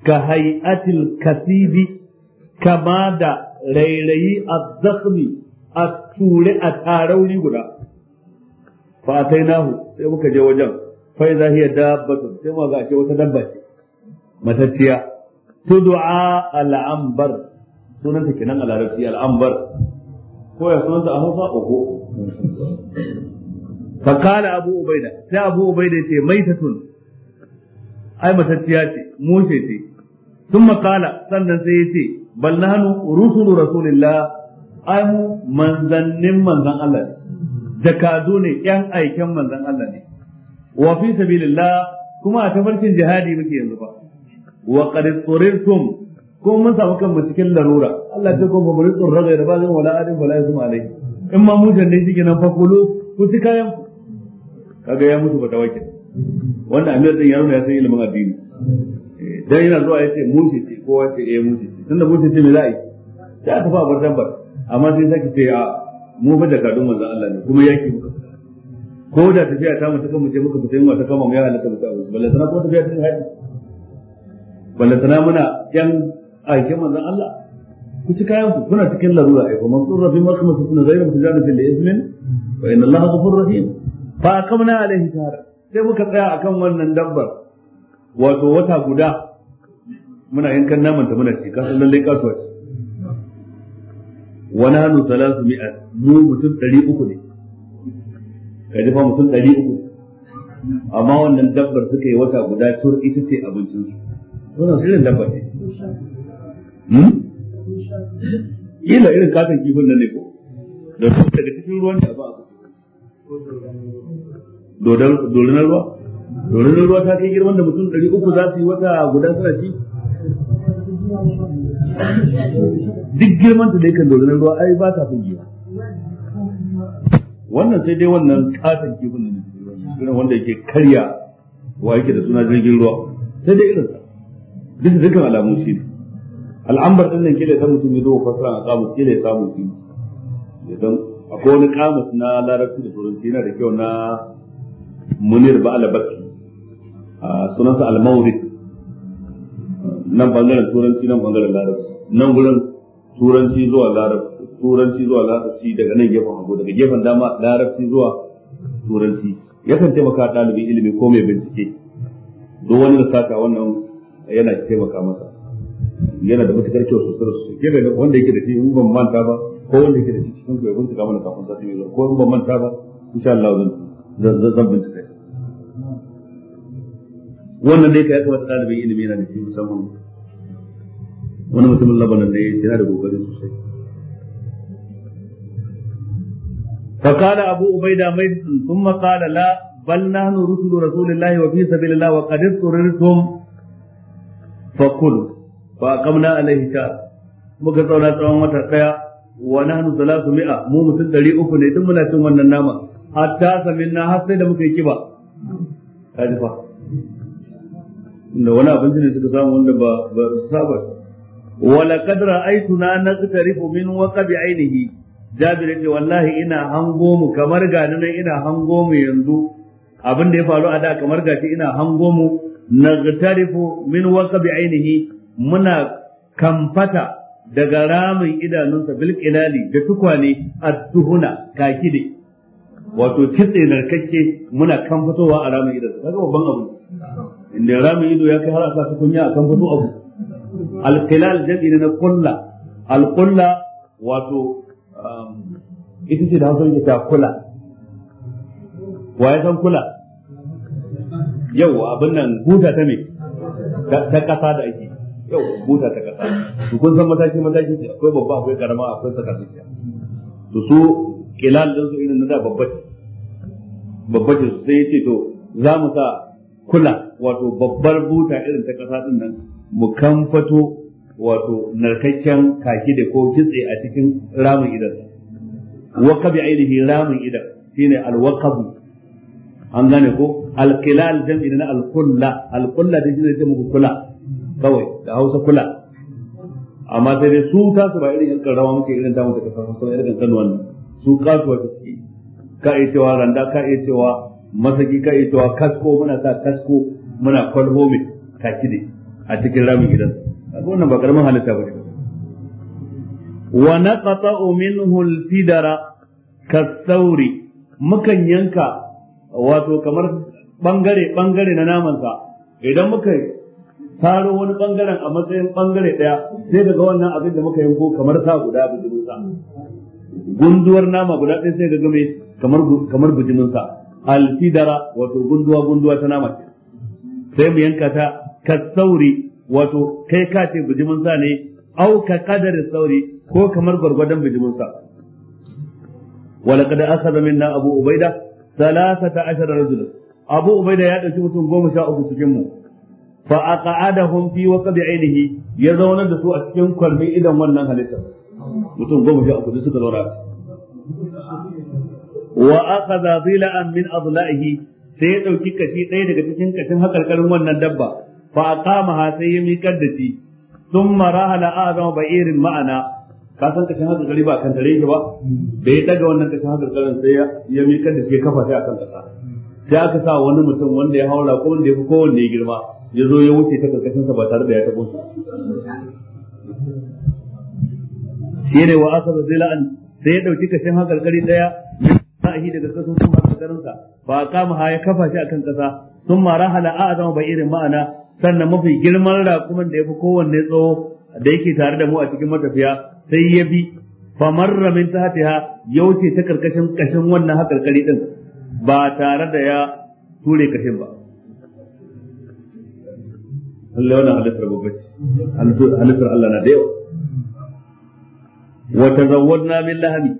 ka hay'atil kasibi kama da rairayi a zakhmi a ture a tarauri guda fa nahu sai muka je wajen fa idza hiya dabbatun sai maga al'ambar sunanta kenan a larabci al'ambar ko ya sunanta a hausa oho kala abu ubaida sai abu ubaida ce maitatun ai matacciya ce mushe ce sun makala sannan sai ya ce bal nahnu rusulu rasulillah ai mu manzannin manzan Allah ne jakadu ne yan aiken manzan Allah ne wa fi sabilillah kuma a tafarkin jihadi muke yanzu ba wa qad turirtum ko mun samu kanmu cikin larura Allah ta kuma bari tsoron ga da bazin wala adin wala ma alai in ma mujan ne shi kenan fakulu ku ci kayan kaga ya mutu bata wake wanda amir din ya ne ya san ilimin addini eh, dan yana zuwa yace mushe ce ko wace eh mushe ce tunda mushe ce me za a yi ta tafi a bar dabbar amma sai saki ce a mu fa jakadun manzon Allah ne kuma yaki muka ko da tafiya ta mu ta kama ce muka fita yin wata kama mu ya halaka mu ta aure balle sana kuma tafiya ta haɗi balle sana muna yan a yake manzon Allah ku ci kayan ku kuna cikin larura ai kuma tsurra fi makama su kuna zairin tijara fil ismin wa inna Allah ghafurur rahim fa aqamna alaihi tara. sai muka tsaya akan wannan dabbar wato wata guda muna yankan naman ta muna ci ka san lalle kasuwa ce wa nahnu 300 mu mutum 300 ne kaji fa mutum 300 amma wannan dabbar suka yi wata guda tur ita ce abincin abincinsu wannan irin dabba ce Hmm? ila irin katon kifin nan ne ko da su daga cikin ruwan da ba a dodon ruwa dodon ruwa ta kai girman da mutum ɗari uku za su yi wata guda suna ci duk girman ta dai kan dodon ruwa ai ba ta fin giya wannan sai dai wannan katon kifin nan irin wanda yake karya wa yake da suna jirgin ruwa sai dai irinsa duk dukkan alamu shi ne al'ambar din nan kila ta mutum ya zo fasara a samu kila ya samu shi idan akwai wani kamus na larabci da turanci yana da kyau na munir ba alabaki a sa al-mawrid nan bangaren turanci nan bangaren larabci nan gurin turanci zuwa larabci turanci zuwa larabci daga nan gefen hagu daga gefen dama larabci zuwa turanci yakan taimaka ɗalibin ilimi ko mai bincike duk wani da saka wannan yana taimaka masa yana da matukar kyau sosai da sosai kebe wanda yake da shi in ban manta ba ko wanda yake da shi cikin ku ya bincika mana kafin sati mai zuwa ko in ban manta ba insha Allah zan zan bincika shi wannan dai ka ya kamata ɗalibin ilimi yana da shi musamman wani mutumin labanan ne yana da gobe sosai فقال أبو عبيدة ميت ثم قال لا بل نحن رسل رسول الله وفي سبيل الله وقد اضطررتم فكلوا fa kamna alaihi ta muka tsauna tsawon wata daya wa nahnu salatu mi'a mu mutum 300 ne duk muna cin wannan nama hatta saminna har sai da muka yi kiba kaji fa inda wani abinci ne suka samu wanda ba ba saba wala qad ra'aytuna naqtarifu min waqab ainihi jabir yace wallahi ina hango mu kamar ga nan ina hango mu yanzu abin da ya faru a da kamar gashi ina hango mu naqtarifu min waqab ainihi muna kamfata daga ramin idanunsa bilkilali da tukwane a duhuna ne wato kitse narkakke muna kamfatowa a ramin idansa kaga babban abu inda ramin ido ya kai har a sa a kamfato abu al-qilal jam'i na kulla al wato um, ita ce da hausa yake ta kula wa ya san kula yau abin nan huta ta me ta kasa da ake yau buta ta kasa to kun san mataki mataki ce akwai babba akwai karama akwai sakatacciya to su kilal din su irin na da babba ce babba ce sai ya ce to za mu sa kula wato babbar buta irin ta kasa din nan mu kamfato wato narkakken kaki da ko kitse a cikin ramin idan waqabi ainihi ramin idan shine alwaqabu an gane ko alqilal jam'i na alqulla alqulla da shine ce muku kula kawai da hausa kula amma sai dai su kasu ba irin yankan rawa muke irin damu daga kasar hausa irin kan wannan su kasu ta suke ka iya cewa randa ka iya cewa masaki ka iya cewa kasko muna sa kasko muna kwalho mai kaki ne a cikin ramin gidan wannan ba karamin halitta ba wa naqata'u minhu al-fidara kasauri mukan yanka wato kamar bangare bangare na namansa idan muka faro wani bangaren a matsayin bangare daya sai daga wannan abin da muka yi ko kamar sa guda bijimin sa gunduwar nama guda ɗaya sai daga mai kamar kamar bijimin sa alfidara wato gunduwa gunduwa ta nama ce sai mu yanka ta kasauri wato kai ka ce bijimin sa ne au ka kadarin sauri ko kamar gwargwadon bijimin sa ولقد أخذ منا أبو عبيدة ثلاثة Abu رجلا ya عبيدة mutum, أشوف تنقوم شاء في fa aqa'adahum fi waqdi ainihi ya zauna da su a cikin kwalmi idan wannan halitta mutum goma a uku suka zauna wa akhadha dhila'an min adla'ihi sai ya dauki kashi ɗaya daga cikin kashin hakalkalin wannan dabba fa ha sai ya miƙar da shi thumma rahala a'zama ba'irin ma'ana ka san kashin hakalkali ba kan tare yake ba Bai ya daga wannan kashin hakalkalin sai ya miƙar da shi kafa sai akan kasa sai aka sa wani mutum wanda ya haura ko wanda ya fi kowanne ya girma ya zo ya wuce ta karkashin sa ba tare da ya tabo shi shine wa aka zila an sai ya dauki kashin gari daya shi daga kasusun garin sa ba kama ha ya kafa shi akan kasa sun mara hala a zama bai irin ma'ana sannan mafi girman raƙuman da ya fi kowanne tsawo da yake tare da mu a cikin matafiya sai ya bi famarra min ya yauce ta karkashin kashin wannan gari din ba tare da ya ture kashin ba Allah wannan halittar babbaci, halittar Allah na da yawa Wata zawon min lahami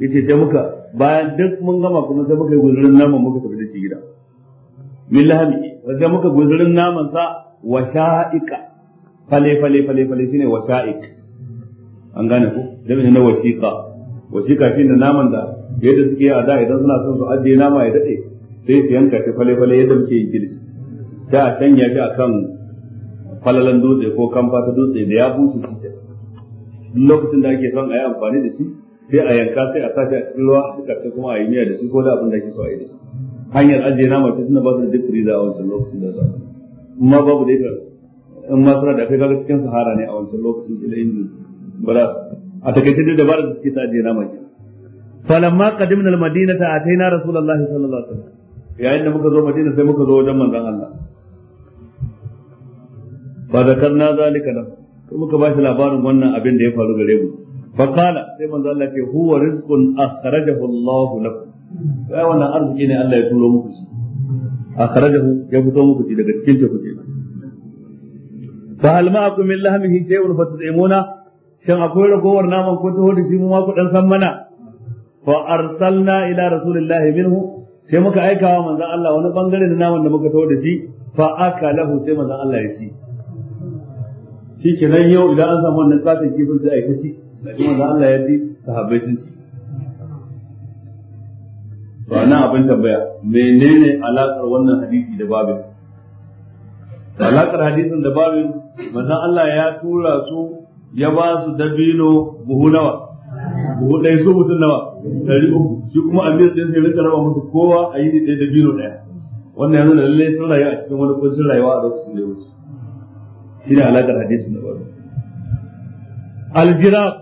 yace sai muka bayan duk mun gama kuma sai muka yi guzurin naman muka tafi da shi gida min lahami sai muka guzurin naman sa wa sha'ika fale fale fale fale shine wa sha'ik an gane ko da na wasiqa wasiqa shine naman da yadda suke a da idan suna son su ajiye nama ya daɗe. sai su yanka shi fale fale yadda muke yin kilishi sai a sanya shi akan falalan dutse ko kamfa ta dutse da ya bushe shi lokacin da ake son a yi amfani da shi sai a yanka sai a sashi a cikin ruwa a cikin sai kuma a yi miya da shi ko da abin da ake so a yi da shi hanyar ajiye nama ce suna ba su da duk riza a wancan lokacin da za ma babu da ita in ma suna da kai kaga cikin sahara ne a wancan lokacin ila injin ba za a takaice da dabarar da suke ta ajiye nama ke. falamma qadimna almadinata ataina rasulullahi sallallahu alaihi yayin da muka zo madina sai muka zo wajen manzon Allah fa zakarna zalika lahu to muka ba shi labarin wannan abin da ya faru gare mu fa sai manzon Allah ce huwa rizqun akhrajahu Allah lakum wai wannan arziki ne Allah ya turo muku shi akhrajahu ya fito muku shi daga cikin teku kenan fa hal ma'akum min akwai ragowar naman ko taho shi mu fa arsalna ila rasulillahi minhu sai muka aika wa manzon Allah wani bangare na namun da muka tawo da shi fa akalahu sai manzon Allah ya ci nan yau idan an samu wannan katin kifin sai ai ta ci da Allah ya ci sahabbai sun ci to nan abin tambaya menene alakar wannan hadisi da babin alakar hadisin da babin manzon Allah ya tura su ya ba su dabino buhunawa. buhu ɗaya so mutum nawa ɗari uku shi kuma amir ɗin sai rinka raba musu kowa a yi ɗaya da biyu ɗaya wannan ya da lallai sun rayu a cikin wani kuncin rayuwa a lokacin da ya wuce shi ne alaƙar hadisin da babu aljirab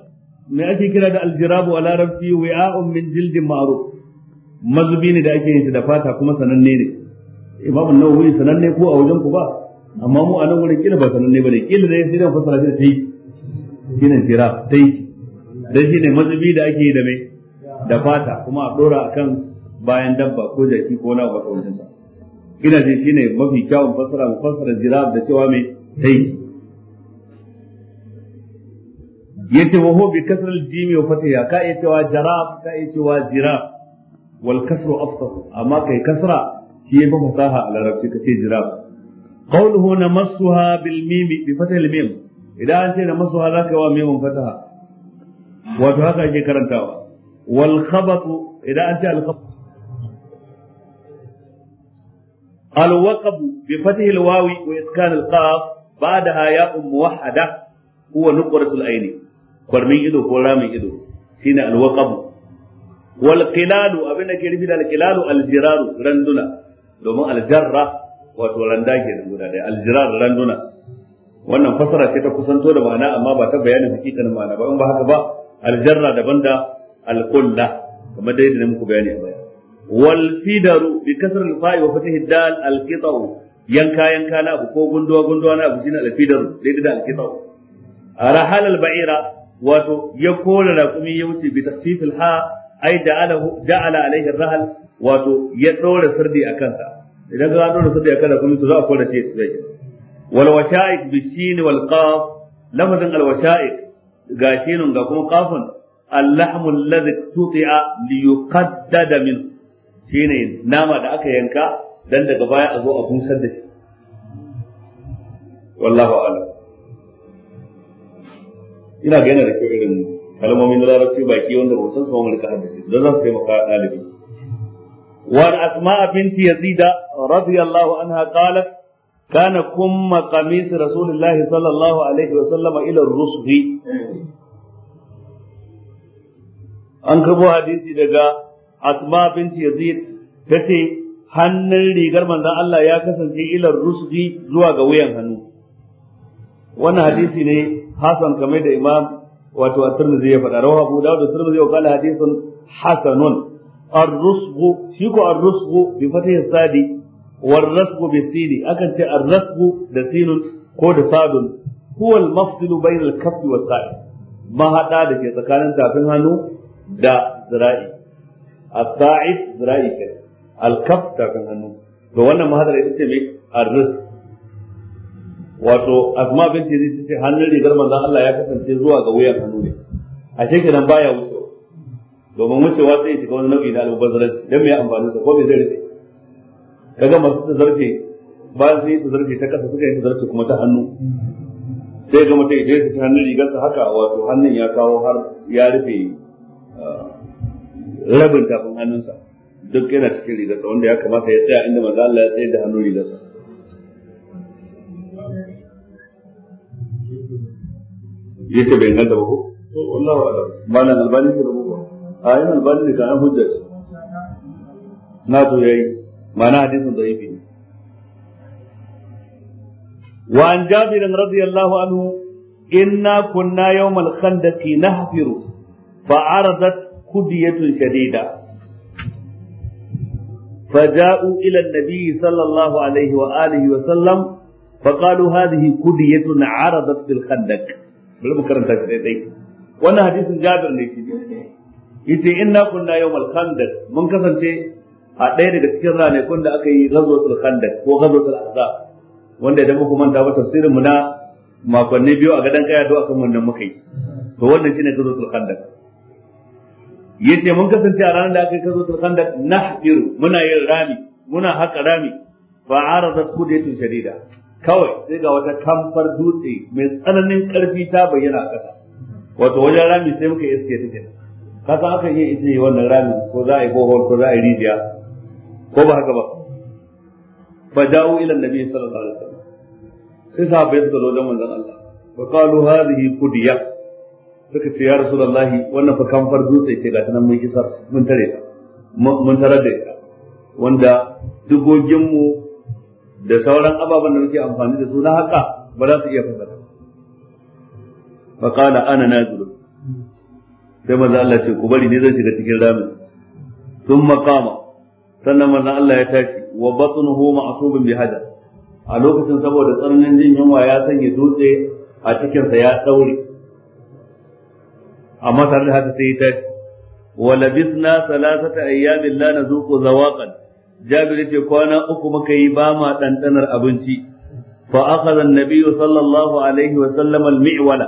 me ake kira da aljirabu a larabci wi'a'un min jildin ma'ruf mazubi ne da ake yin shi da fata kuma sananne ne imamun nawawi sananne ko a wajen ku ba amma mu a nan wurin kila ba sananne bane kila ne sai dan fasara shi da tayi kina jira tayi dan shine mazubi da ake yi da mai da fata kuma a dora kan bayan dabba ko jaki ko na ba kawai sa ina shi ne mafi kyawun fasara mu fasara zirab da cewa mai Ya ce wa huwa bi kasr al jim wa fatiha ka iya cewa jarab ka iya cewa zirab wal kasru afsah amma kai kasra shi ya fa fasaha a larabci kace zirab qawluhu namassuha bil mim bi fathil mim idan an ce namassuha zaka wa mimun fataha wato haka ake karantawa wal khabatu idan an ce al khabatu al waqabu bi fathi al wawi wa iskan al qaf ba'daha ya'un muwahhada huwa nuqratul aini kwarmin ido ko ramin ido shine al waqabu wal Abin da ke rufi da al qilalu al jiraru randuna domin al jarra wato randa ke da guda da al jirar randuna wannan fasara ce ta kusanto da ma'ana amma ba ta bayanin hakikanin ma'ana ba in ba haka ba aljarra daban da alqulla kamar dai da muku bayani a baya wal fidaru bi kasr al fa'i wa fatih dal al qita'u yanka yanka na abu ko gunduwa gunduwa na abu shine al fidaru dai da al qita'u rahal al ba'ira wato ya kora raƙumi ya wuce bi tasfif al ha ai da'alahu da'ala alaihi rahal wato ya dora sirdi a kansa idan ka dora sirdi a kansa kuma to za a kora shi zai wal washa'iq bi shin wal qaf lafazin al washa'iq ga shinun ga kuma kafin allahmu alladhi tuti'a li yuqaddada min shine nama da aka yanka dan daga baya a zo a busar da shi wallahu a'lam ina ga yana da kyau irin kalmomin larabci baki wanda ba san mulka kana kumma qamis rasulullahi sallallahu alaihi wa sallama ila rusli an karbo hadisi daga asma binti yazid tace hannun rigar manzon Allah ya kasance ila rusli zuwa ga wuyan hannu wannan hadisi ne hasan kamar da imam wato at-tirmidhi ya faɗa rawahu abu dawud at-tirmidhi wa qala hadithun hasanun bi fathi sadi والرسم بالسين أكن الرسم دسين كود صاد هو المفصل بين الكف والسائل ما هذا لك تكان تافين هانو دا زرائي الساعد زرائي كده الكف تافين هانو فوانا ما هذا لك تسمي الرسم wato azma bin zai ce hannun rigar manzon Allah ya kasance zuwa ga wuyan hannu ne a nan baya wucewa domin wucewa sai shiga wani nau'i na almubazzaranci dan me amfani da ko me zai rike kaga masu ta zarfe bayan su yi ta zarfe ta kasa suka yi ta zarfe kuma ta hannu sai ga mutum da su ta hannun rigarsa haka wato hannun ya kawo har ya rufe ah, rabin tafin hannunsa duk yana cikin rigarsa wanda ya kamata ya tsaya inda maza Allah ya tsaye da hannun rigarsa yake bai ganta ba ko wallahi alam malan albani ne da ko. a yin albani ne ka an na to yi. ma'ana hadisin da'ifi ne wa an jabir radiyallahu anhu inna kunna yawmal khandaqi nahfiru fa'aradat kudiyatun shadida فجاءوا إلى النبي صلى الله عليه وآله وسلم فقالوا هذه كدية عرضت بالخندق بل مكرم تشريعي وانا حديث جابر ليش يتي إنا كنا يوم الخندق من كسنتي a ɗaya daga cikin ranakun da aka yi ghazwatul khandaq ko ghazwatul ahzab wanda idan muka manta ba tafsirin mu na makonni biyu a gadan kaya do akan wannan muka yi to wannan shine ghazwatul khandaq yace mun kasance a ranar da aka yi ghazwatul khandaq nahdiru muna yin rami muna haka rami fa aradat kudayatun shadida kawai sai ga wata kamfar dutse mai tsananin karfi ta bayyana a kasa wato wajen rami sai muka iske take ka san aka yi ita wannan rami ko za a yi bohol ko za a yi rijiya ko ba haka ba fa da'u ila annabi sallallahu alaihi wasallam sai sahabbai suka zo da manzon Allah fa qalu hadhihi qudiya suka ce ya rasulullahi wannan fa kamfar dutse ce ga nan mun kisa mun tare ta mun tare da ita wanda dubogin mu da sauran ababen da muke amfani da su na haka ba za su iya fasara fa qala ana nazil sai manzon Allah ce ku bari ne zan shiga cikin ramin sun maqama sannan manzon Allah ya tashi wa batnuhu ma'subun bi hada. a lokacin saboda tsananin jin yunwa ya sanya dutse a cikinsa ya daure amma tare da haka sai ya tashi wa labisna salasata ayyamin la nazuqu zawaqan jabir yace kwana uku muka yi ba ma dandanar abinci fa akhadha an-nabiy sallallahu alaihi wa sallam al-mi'wala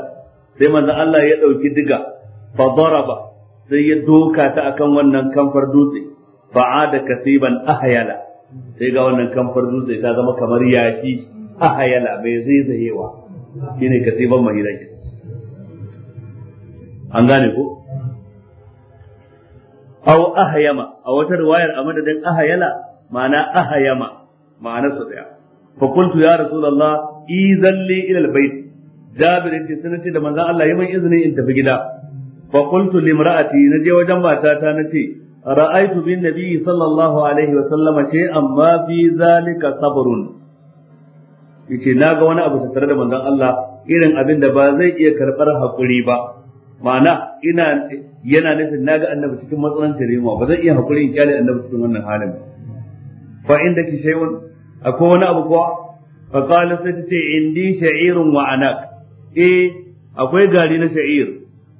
sai manzo Allah ya dauki diga fa daraba sai ya doka ta akan wannan kamfar dutse fa'ada kasiban ahayala sai ga wannan kamfar dutse ta zama kamar yashi ahayala mai zaizayewa shine kasiban mahira an gane ko aw ahayama a wata riwayar a madadin ahayala ma'ana ahayama ma'anar su daya fa kuntu ya rasulullah izalli ila albayt jabir ce, sai ce da manzon Allah yayin izini in tafi gida fa kuntu limra'ati naje wajen matata nace رأيت بالنبي صلى الله عليه وسلم شيئا ما في ذلك صبر yace na ga wani abu tattare da manzon Allah irin abin da ba zai iya karɓar hakuri ba ma'ana ina yana nufin na ga annabi cikin matsalancin rima ba zai iya hakuri in kyale annabi cikin wannan halin fa inda ki shay'un akwai wani abu kuwa fa qala sai ta ce indi sha'irun wa anak eh akwai gari na sha'ir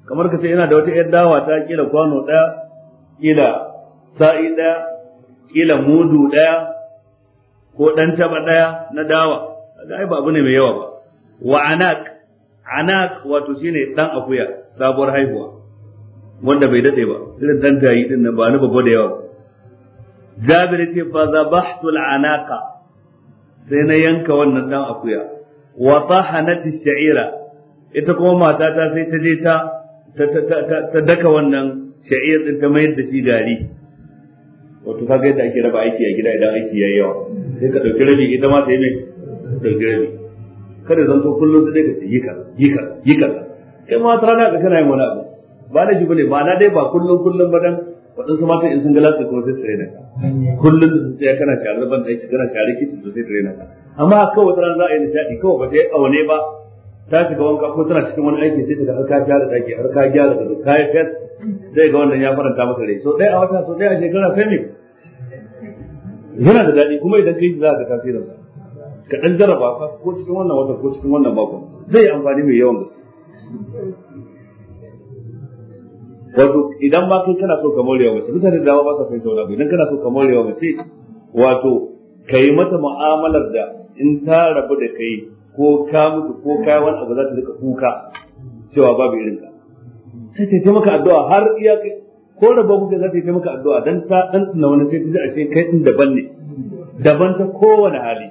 kamar ka ce yana da wata yar dawa ta kila kwano daya kila sa'i ɗaya kila mudu ɗaya ko ɗan taba ɗaya na dawa ga ai ba abu ne mai yawa ba wa anak anak wato shine dan akuya sabuwar haihuwa wanda bai dade ba irin dan tayi din nan ba ni babba da yawa Jabir ce fa zabahtu al-anaka sai na yanka wannan dan akuya wa tahanat shaira ita kuma mata ta sai ta je ta ta daka wannan sha'iyar din ta mayar da shi gari wato ka yadda ake raba aiki a gida idan aiki yayi yawa sai ka ɗauki rabi ita ma ta yi mai ɗauki rabi kada zan to kullum sai ka yi ka yi ka yi ka kai ma ta rana ka kana yin wani abu ba da bane ba na dai ba kullum kullum ba dan waɗansu mata in sun galasa kuma sai na ka kullum da sun tsaya kana share ban aiki kana share kici to sai na ka amma kawai wata rana za a yi nishadi kawai ba ta yi aune ba ta shiga wanka ko tana cikin wani aiki sai ta ga har ka gyara daki har ka gyara gado ka yi fes zai ga wannan ya faranta masa rai so ɗaya a wata so ɗaya a shekara sai ne yana da daɗi kuma idan kai za ka tasirin ka ɗan jarraba fa ko cikin wannan wata ko cikin wannan mako zai amfani mai yawan gaske wato idan ba kai kana so ka yawan gaske mutane da dama ba sa kai sauna idan kana so ka yawan gaske wato ka yi mata mu'amalar da in ta rabu da kai ko ka mutu ko ka wani abu za ta rika kuka cewa babu irin ka sai ta yi maka addu'a har iya kai ko da ba kuka za ta yi maka addu'a dan ta dan na wani sai ta ji ashe kai din daban ne daban ta kowane hali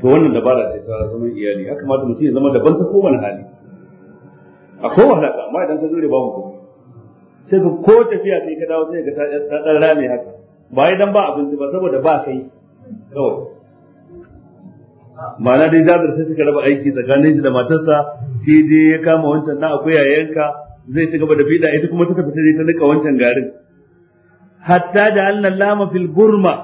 to wannan dabara ce ta zama iyali haka ma mutum ya zama daban ta kowane hali a kowane haka amma idan ka zure babu kuma sai ka ko tafiya sai ka dawo sai ka ta dan rame haka ba idan ba abinci ba saboda ba kai kawai ma'ana dai jabir sai suka raba aiki tsakanin shi da matarsa shi dai ya kama wancan na akwai yayanka zai ci gaba da bida ita kuma suka fita dai ta nika wancan garin hatta da anna lama fil burma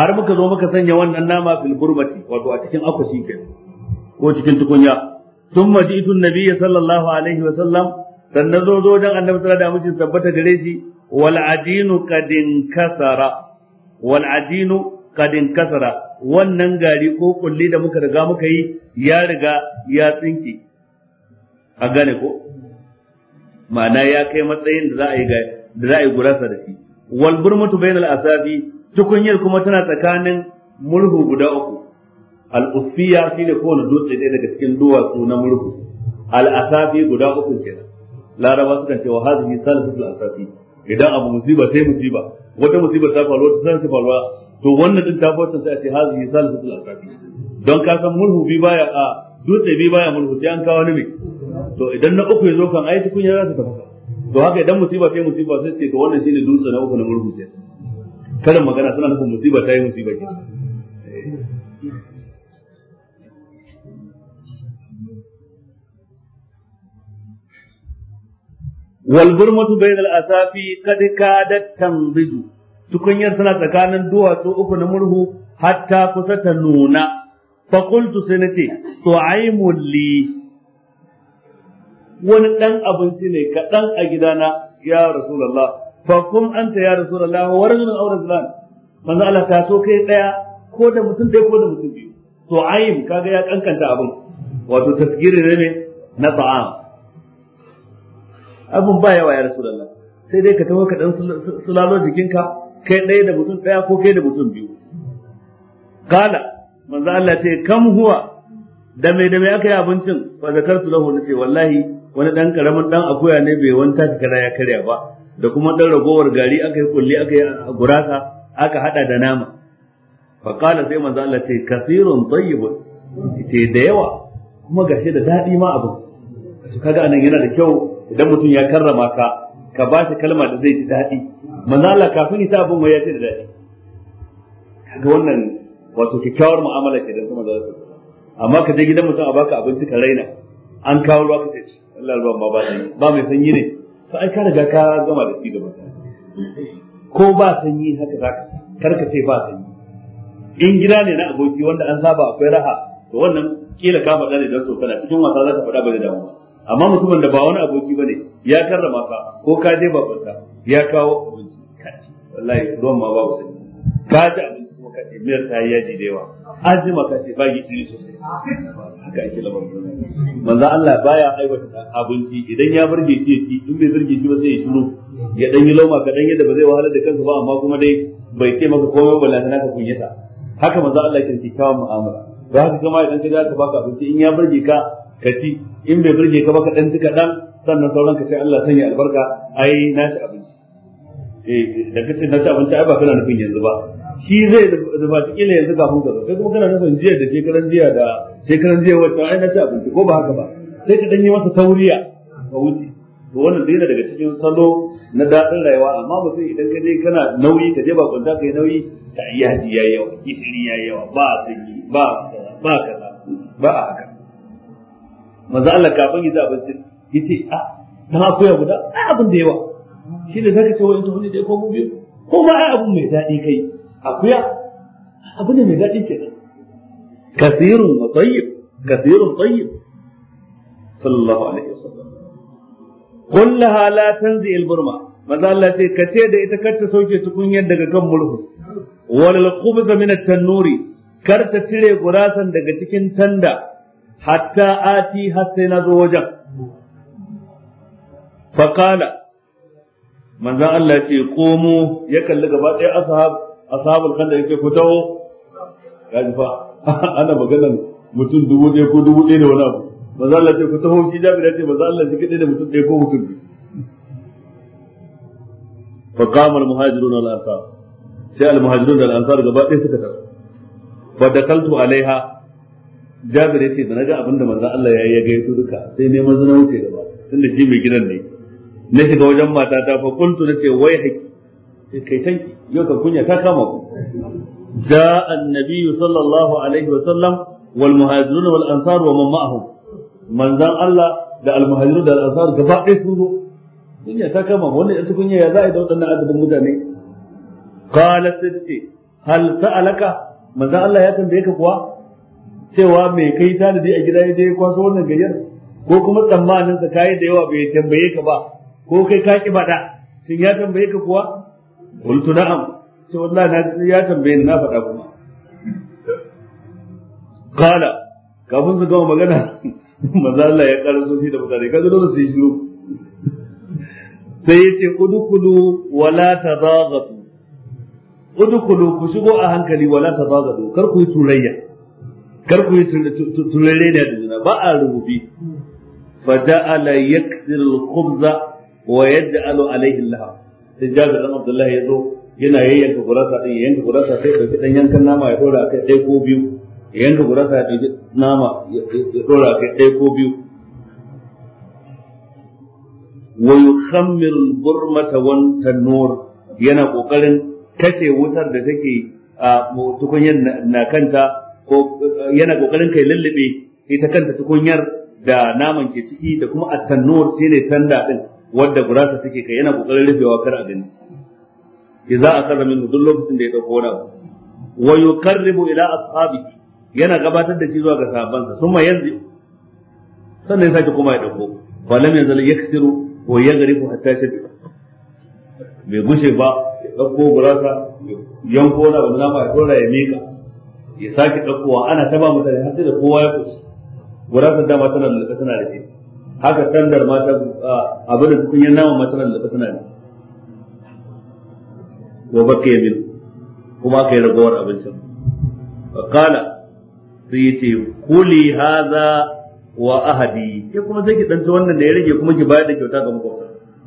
har muka zo muka sanya wannan nama fil burmati wato a cikin akwashi ke ko cikin tukunya Tun maji an Nabiya sallallahu alaihi wa sallam dan nazo zo dan annabi sallallahu alaihi wasallam tabbata gare shi wal adinu kadin kasara wal adinu kadin kasara wannan gari ko kulli da muka riga muka yi ya riga ya tsinke a gane ko ma'ana ya kai matsayin da za a yi da za a yi gurasa da shi wal burmatu bainal asabi tukunyar kuma tana tsakanin mulhu guda uku al usfiya shi da kowane dutse ɗaya daga cikin duwatsu na mulhu al asabi guda uku kenan laraba sukan ce wa hadhihi al asabi idan abu musiba sai musiba wata musiba ta faru ta san ta faruwa to wannan din tafawar sai a ce hazihi salisatul aqrabi don ka san mulhu bi baya a dutse bi baya mulhu sai an kawo ni ne. to idan na uku zo kan ayati kun yara ta tafaka to haka idan musiba yi musiba sai ce to wannan shine dutse na uku na mulhu ke kada magana suna nufin musiba ta yi musiba ke والبرمة بين الأسافي قد كادت تنضج tukunyar tana tsakanin duwatsu uku na murhu hatta kusa ta nuna fa qultu sai nace tu'aimul li wani dan abinci ne kaɗan a gidana ya rasulullah fa kum anta ya rasulullah wa rajulun aw rajulan manzo Allah ta so kai daya ko da mutum dai ko da mutum biyu aim kaga ya kankanta abin wato tasgiri ne na ta'am abin ba yawa ya rasulullah sai dai ka tawo ka dan sulalo jikinka kai ɗaya da mutum ɗaya ko kai da mutum biyu kala manzo Allah ce kam huwa da mai da mai aka yi abincin fa zakartu lahu nace wallahi wani ɗan karamin ɗan akuya ne bai wanta kaza ya karya ba da kuma dan ragowar gari aka yi kulli aka yi gurasa aka haɗa da nama fa kala sai manzo Allah ce kathirun tayyibun ite da yawa kuma gashi da daɗi ma abu kaga anan yana da kyau idan mutum ya karrama ka ka ba shi kalma da zai ji daɗi manzo Allah kafin isa abun abin wai ya ce da daɗi kaga wannan wato kyakkyawar mu'amala ke da kuma wasu. amma ka je gidan mutum a baka abinci ka raina an kawo ruwa ka ce Allah ruwan ba ba ba mai sanyi ne to ai ka riga ka gama da shi gaba ko ba sanyi haka zaka kar ka ce ba sanyi in gida ne na aboki wanda an saba akwai raha to wannan kila ka faɗa ne don so kana cikin wasa za ka faɗa ba da damuwa amma mutumin da ba wani aboki bane ya karrama ka ko ka je babanka ya kawo abinci wallahi ruwan ma ba wuce ka ji abinci kuma ka miyar ta yaji da yawa azima ka ce ba gishiri sosai haka ake lamarin manzo Allah baya aiwata abinci idan ya burge shi ya ci in bai burge shi ba sai ya shiru ya dan yi lauma kadan yadda ba zai wahalar da kansa ba amma kuma dai bai ce maka komai ba lantana ka kunyata haka manzo Allah ya kirki kawo mu'amala ba haka kuma idan ka ga ka baka abinci in ya burge ka ka ci in bai burge ka ba ka dan tuka kaɗan sannan sauran ka sai Allah sanya albarka ai na ci abinci eh da ka ce na ci abinci ai ba kana nufin yanzu ba shi zai zuba kila yanzu kafin ka zo kai kuma kana nufin jiya da shekaran jiya da shekaran jiya wacce ai na ci abinci ko ba haka ba sai ka danyi yi masa tauriya ka wuce to wannan dai daga cikin salo na daɗin rayuwa amma mutum idan ka je kana nauyi ka je ba kwanta ka yi nauyi ta yaji yayi yawa kishiri yayi yawa ba sanyi ba ba kaza ba a haka manzo Allah kafin yi za abincin yace a ah, dan akuya guda ai abin da yawa shi ne zaka ce wani tuhuni da ko mu biyu ko ma ai abin mai daɗi kai akuya abin da mai daɗi ke kasirun wa tayyib kasirun tayyib sallallahu alaihi wasallam sallam. la tanzi al-burma manzo Allah ce ka ce da ita kar ta sauke tukunyar daga kan mulhu wal khubza min at-tannuri kar ta cire gurasan daga cikin tanda hatta ati har sai na zo wajen faqala manzon Allah ce komo ya kalli gaba ɗaya ashab ashabul kanda yake ku taho kaji ana maganar mutum dubu ɗaya ko dubu ɗaya da wani abu manzon Allah ce ku taho shi jami'a ce manzon Allah da mutum ɗaya ko mutum فقام المهاجرون والأنصار sai almuhajirun da al'ansar gaba ɗaya suka alaiha jabir yace da naga abinda manzon Allah ya yi ya gaito duka sai neman zana wuce gaba tunda shi mai gidan ne na shiga wajen mata ta fa kuntu nace wai haki kai tanki yau kan kunya ta kama ku جاء النبي صلى الله عليه وسلم والمهاجرون والأنصار ومن معهم من ذا Allah da al almuhajiru da al al'asar gaba ɗaya sun zo dunya ta kama wannan ita kunya ya za a yi da waɗannan adadin mutane qala sitti hal sa'alaka manzo Allah ya tambaye ka kuwa cewa mai kai tanadi a gida ya je kwaso wannan gayyar ko kuma tsammanin sa kai da yawa bai tambaye ka ba ko kai ka ki bada shin ya tambaye ka kuwa qultu na'am sai wallahi ya tambaye na faɗa kuma qala kafin su gama magana manzo Allah ya karaso shi da mutane kaga dole su yi shiru sai yace udkhulu wala tadaghatu udkhulu ku shigo a hankali wala tadaghatu kar ku yi turayya kar ku yi turare da juna ba a rububi fa ja'ala yaksir al-khubza wa yaj'alu alayhi al-lahab sai jabir dan abdullah ya zo yana yayyanka gurasa din yayyanka gurasa sai dauki dan yankan nama ya dora kai dai ko biyu yayyanka gurasa ya nama ya dora kai dai ko biyu wa yukhammiru al-burmata wa tanur yana kokarin kace wutar da take a tukunyar na kanta ko eh, yana kokarin kai lullube ita kanta tukunyar da naman ke ciki da kuma attannuwar shi ne tanda din wadda gurasa take kai yana kokarin rufewa kar a gani idza akarra min duk lokacin da ya dauko wani abu wa yuqarribu ila ashabi yana gabatar da shi zuwa ga sahabbansa kuma yanzu sannan ya sake kuma ya dauko fa lam yanzal yaksiru wa yaghribu hatta shadiba bai gushe ba ya dauko gurasa yanko na wannan ba ya tora ya mika ya sake ɗaukowa ana ta ba mutane har sai da kowa ya kusa da dama tana da tana da shi haka sandar mata ah, abin da tukun yan nama mata da tana da wa baka ya min kuma aka yi ragowar abincin kala yi ce, kuli haza wa ahadi ke kuma sai ki ɗanci wannan da ya rage kuma ki bayar da kyauta ga makwabta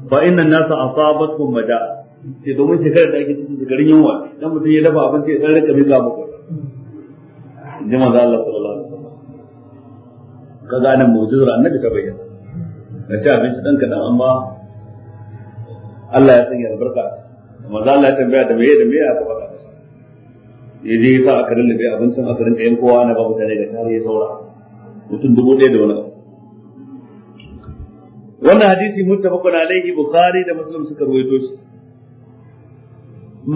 fa inna nasa asabatkum mada sai domin shekarar da ake cikin shekarun yunwa dan mutum ya dafa abinci ya ɗan rika bi ga makwabta ji manzo Allah sallallahu alaihi wasallam kaga nan mu'jizar annabi ta bayyana na ci abinci dan da amma Allah ya sanya albarka manzo Allah ya tambaya da meye da meye aka faɗa ya je sa aka lullube abincin aka rinka yan kowa na ba mutane ga tare ya saura mutum dubu ɗaya da wani wannan hadisi muttafaqun alaihi bukhari da muslim suka ruwaito shi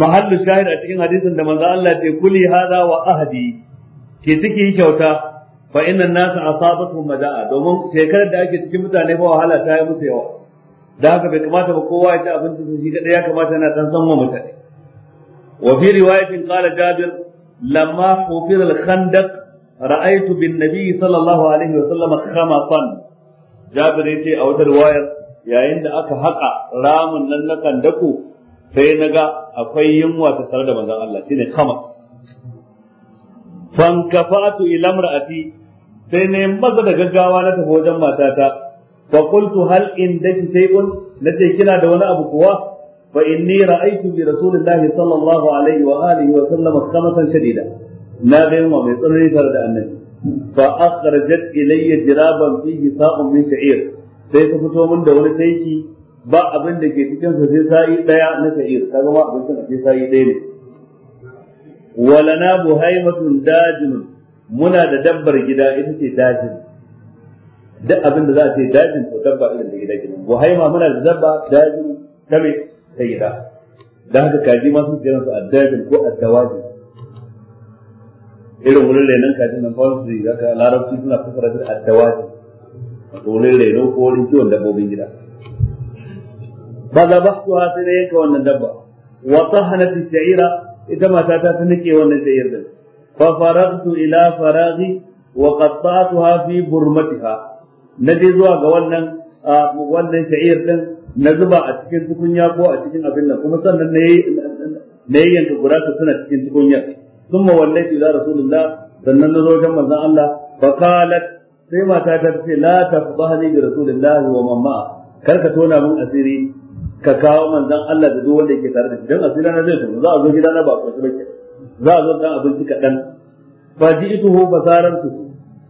mahallu shahid a cikin hadisin da manzo Allah ce kuli hada wa ahdi Ke ciki yi kyauta fa inna a asabatuhum madaa domin shekarar da ake cikin mutane ba wahala ta yi musu yawa da haka bai kamata ba kowa ya ci abinci su shi kadai ya kamata yana dan san mutane wa fi riwayatin qala jabir lamma hufira al-khandaq ra'aytu bin nabiy sallallahu alaihi wa sallam khamatan jabir yace a wata riwayar yayin da aka haka ramin nan na kandaku sai naga akwai yunwa ta tare da manzon Allah shine khamas fankafatu ila imra'ati sai ne maza da gaggawa na tafi wajen matata fa qultu hal indaki shay'un nace kina da wani abu kuwa fa inni ra'aytu bi rasulillahi sallallahu alaihi wa alihi wa sallam khamsan shadida na ga yunwa mai tsanani tare da annabi fa akhrajat ilayya jiraban fihi sa'un min sha'ir sai ta fito min da wani taiki ba abin da ke cikin sa sai sa'i daya na sha'ir kaga ba abin da ke sa'i daya ne walana buhaimatun dajin muna da dabbar gida ita ce dajin duk abin da za a ce dajin to dabba irin da gida kenan buhaima muna da dabba dajin ta me ta gida dan haka kaji masu sun kiran su addajin ko addawajin irin wurin renon kajin nan ba su yi zaka larabci suna fasara da addawajin A wurin reno ko wurin kiwon dabbobin gida ba za ba su sai da yanka wannan dabba wa sahanat sha'ira ita mata ta ta nake wannan sai yarda fa faragtu ila faraghi wa qatta'tuha fi burmatiha na je zuwa ga wannan wannan sha'ir din na zuba a cikin tukunya ko a cikin abin nan kuma sannan na yi na yi yanka gurasa suna cikin tukunya sun ma wallahi ila rasulullah sannan na zo wajen manzon Allah fa qalat sai mata ta ce la tafdhani bi rasulillah wa mamma kar ka tona min asiri ka kawo manzon Allah da duk wanda yake tare da shi dan asira na zai tafi za a zo gidana ba kwaci ke. za a zo dan abinci kaɗan fa ji'tuhu basarantu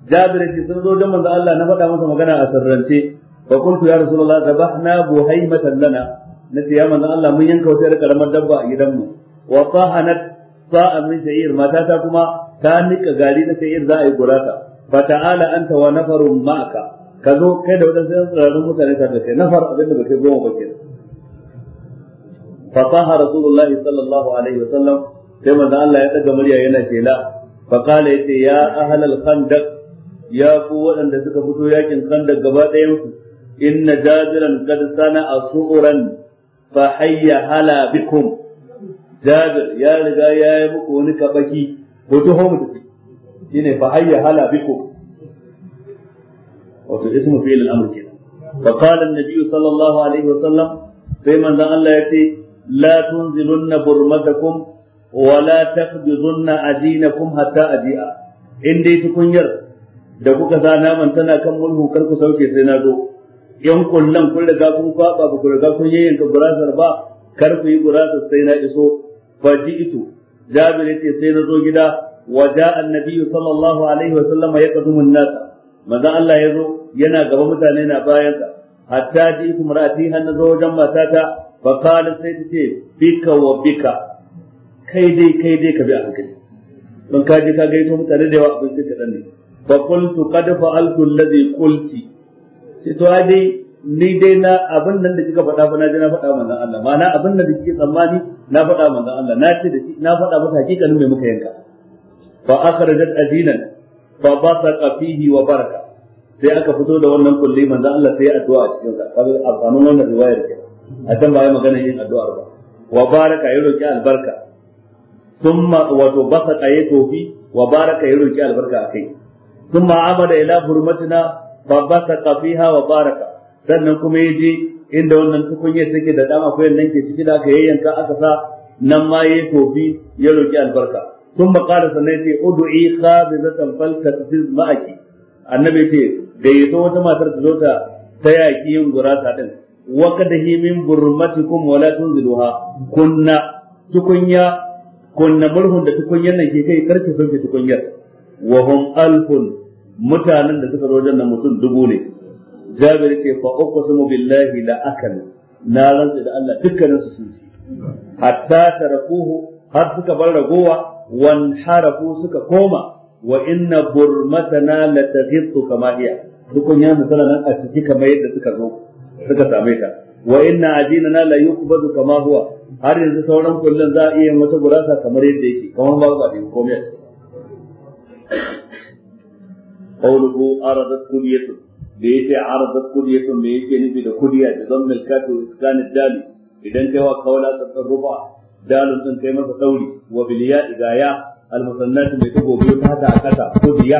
jabir ce sun zo dan manzon Allah na faɗa masa magana a sarrance fa qultu ya rasulullah zabahna buhaymatan lana nace ya manzon Allah mun yanka wata karamar dabba a gidanmu wa qahanat sa'an min sha'ir matata kuma ta nika gari na sha'ir za a yi gurata fa ta'ala anta wa nafarun ma'aka ka zo kai da wadansu tsararrun mutane tare da kai nafar abinda ba kai goma ba kenan fa qaha sallallahu alaihi wasallam sai manzo Allah ya daga murya yana shela fa qala yace ya ahlal khandaq ya waɗanda suka fito yakin khandaq gaba ɗayan ku inna jaziran qad sana'a su'uran fa hayya hala ya riga ya yi kabaki ko taho mu tafi shine fa wato ismu sallallahu alaihi sai manzon Allah ya لا تنزلن برمتكم ولا تخبزن أدينكم حتى أجيء إن دي تكنير da kuka sa naman tana kan mulhu kar ku sauke sai na zo yan kullan kun riga kun kwaba ba ku riga kun yayyanka gurasar ba kar ku yi gurasar sai na iso fa ji'tu jabir yace sai na zo gida wa ja'a annabiyyu sallallahu alaihi wa sallama yaqdumu an-nas Allah ya zo yana gaba mutane na bayan sa hatta ji kuma ra'ati har wajen matata fa sai ta ce bika wa bika kai dai kai dai ka bi a hankali don ka je ka ita mutane da yawa abin sai kaɗan ne fa qultu qad fa'altu alladhi qulti sai to dai ni dai na abin nan da kika faɗa fa na je na faɗa manzon Allah ma na abin nan da kike tsammani na faɗa manzon Allah na ce da shi na faɗa maka hakikanin me muka yanka fa akhrajat adinan fa basaqa fihi wa baraka sai aka fito da wannan kulli manzon Allah sai ya addu'a a cikin sa kaga amfanin wannan riwayar kenan a can ba ya magana yin addu'ar ba wa baraka ya roki albarka thumma wato basaka ya tofi wa baraka ya roki albarka akai thumma abada ila hurmatina fa basa kafiha wa baraka sannan kuma ya je inda wannan tukunyar take da dama ko nan ke ciki da aka yayyanka aka sa nan ma ya tofi ya roki albarka ثم ce udu'i khabizatan خابزة فلتقفز ma'aki annabi ce da gayyato wata matar ta zo ta ta yaki yin gurasa din waqdahi da himin wa la tunziluha kunna kunna murhun da tukunyar nan ke kai karki sauke tukunyar wa alfun mutanen da suka zo na mutum dubu ne jabir ce fa uqsimu billahi la na rantsa da Allah dukkanin sun ci hatta tarakuhu har suka bar ragowa wan harafu suka koma wa inna burmatana la taghittu kama hiya tukunyar mu nan a ciki kamar yadda suka zo suka same ta wa inna ajinana la yuqbadu kama huwa har yanzu sauran kullun za a iya mata gurasa kamar yadda yake kamar ba ba din komai a cikin qawluhu aradat kudiyatu da yace aradat kudiyatu me yake nufi da kudiya da zan milkatu iskan dal idan kai wa kawala tsatsan ruba dalun din kai masa dauri wa biliya igaya almusannatu mai tagobi ta hada a kudiya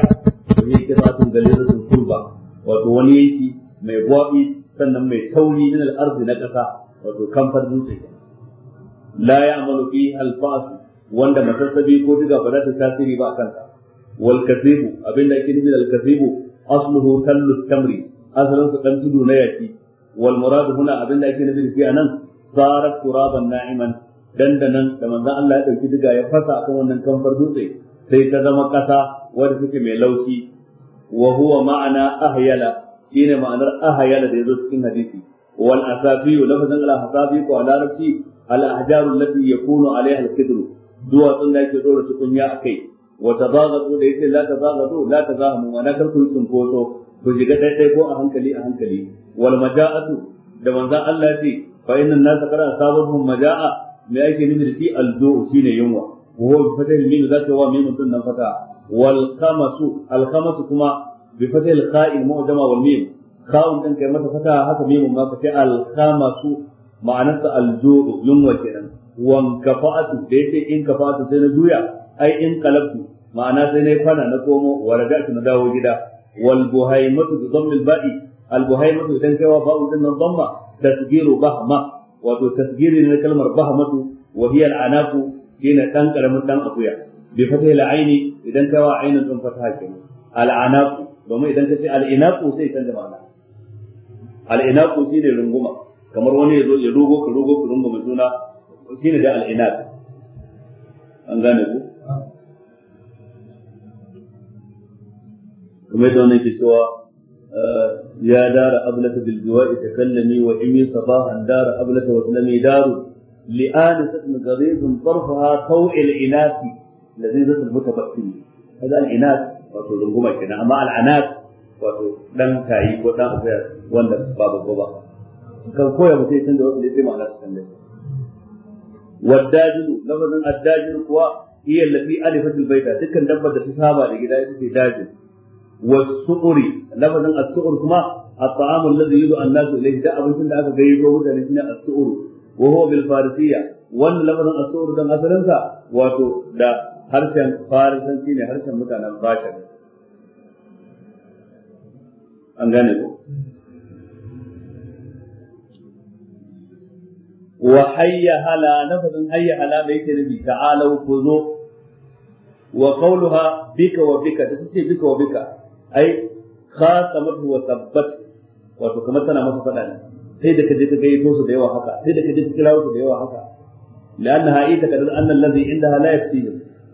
to yake ba tun galizatul kurba wato wani yake mai gwabi sannan mai tauri min al-ardi na ƙasa wato kamfar dutse la ya'malu fi al wanda masassabi ko diga ba za ta tasiri ba a kansa wal kasibu abinda ake nufi al kasibu asluhu tallu tamri asalin su dan tudu na yaki wal muradu huna abinda ake nufi shi anan sarat turaban na'iman dandanan da manzon Allah ya dauki diga ya fasa akan wannan kamfar dutse sai ta zama kasa wanda take mai laushi wa huwa ma'ana ahyala shine ma'anar ahaya da yazo cikin hadisi wal asafi lafazan al asafi ko a larabci al ahjarul lati yakunu alaiha al qidru duwatsun da yake dora tukunya akai wa tazagatu da yace la tazagatu la tazahamu ma'ana kar ku sun koto ku shiga daidai ko a hankali a hankali wal maja'atu da manzon Allah ce fa inna an-nasa qad asabahu maja'a me ake nufi da shi al-du'u shine yunwa wa huwa bi fatahil mim zaka wa mim tun nan fata wal khamasu al khamasu kuma bi fatil kha'il mu'jama wal mim kha'un din kai mata fata haka mimun ma ka ce al khamasu ma'anarsa al judu yunwa kenan wan kafa'atu da yace in kafa'atu sai na juya ai in qalabtu ma'ana sai na kwana na komo wa raja'tu na dawo gida wal buhaimatu bi dhammil ba'i al buhaimatu idan kaiwa ba'u din nan dhamma tasgiru bahma wato tasgiri ne kalmar bahmatu wa hiya akuya idan kenan domin idan ka ce al'inaku sai canza ma'ana al'inaku shi ne runguma kamar wani ya zo ya rugo ka rugo ka runguma juna shi ne da al'inak an gane ku kuma yadda wani ke cewa ya dara biljuwa ita kallami wa imi sabahan dara بالجواء تكلمي وإمي daru li'ani أبلة وسلمي دار لآنسة غريب طرفها طوع الإناث لذيذة المتبقين هذا الإناث wato runguma kenan amma al'anat wato dan tayi ko dan akuya wanda ba babba ba kan koya mutum ya canza wasu ne sai ma'ana su canza waddajiru lafazin addajiru kuwa iya lafi alifatul baita dukkan dabbar da ta saba da gida ita ce dajin wasuri lafazin as-su'ur kuma الطعام الذي يدعى الناس اليه ده ابن da aka gayyato mutane shine as-su'ur wa huwa bil farisiyya wannan lafazin as-su'ur dan asalinsa wato da harshen farisanci ne harshen mutanen bashar an gane ku wa hayya hala hayya hala mai nabi ku zo wa qawluha bika wa bika bika wa bika ai wa tabbat wato kamar tana masa fada ne sai da kaje ka su da yawa haka sai da kaje ka kira su da yawa haka la'annaha ita kadar annal ladhi indaha la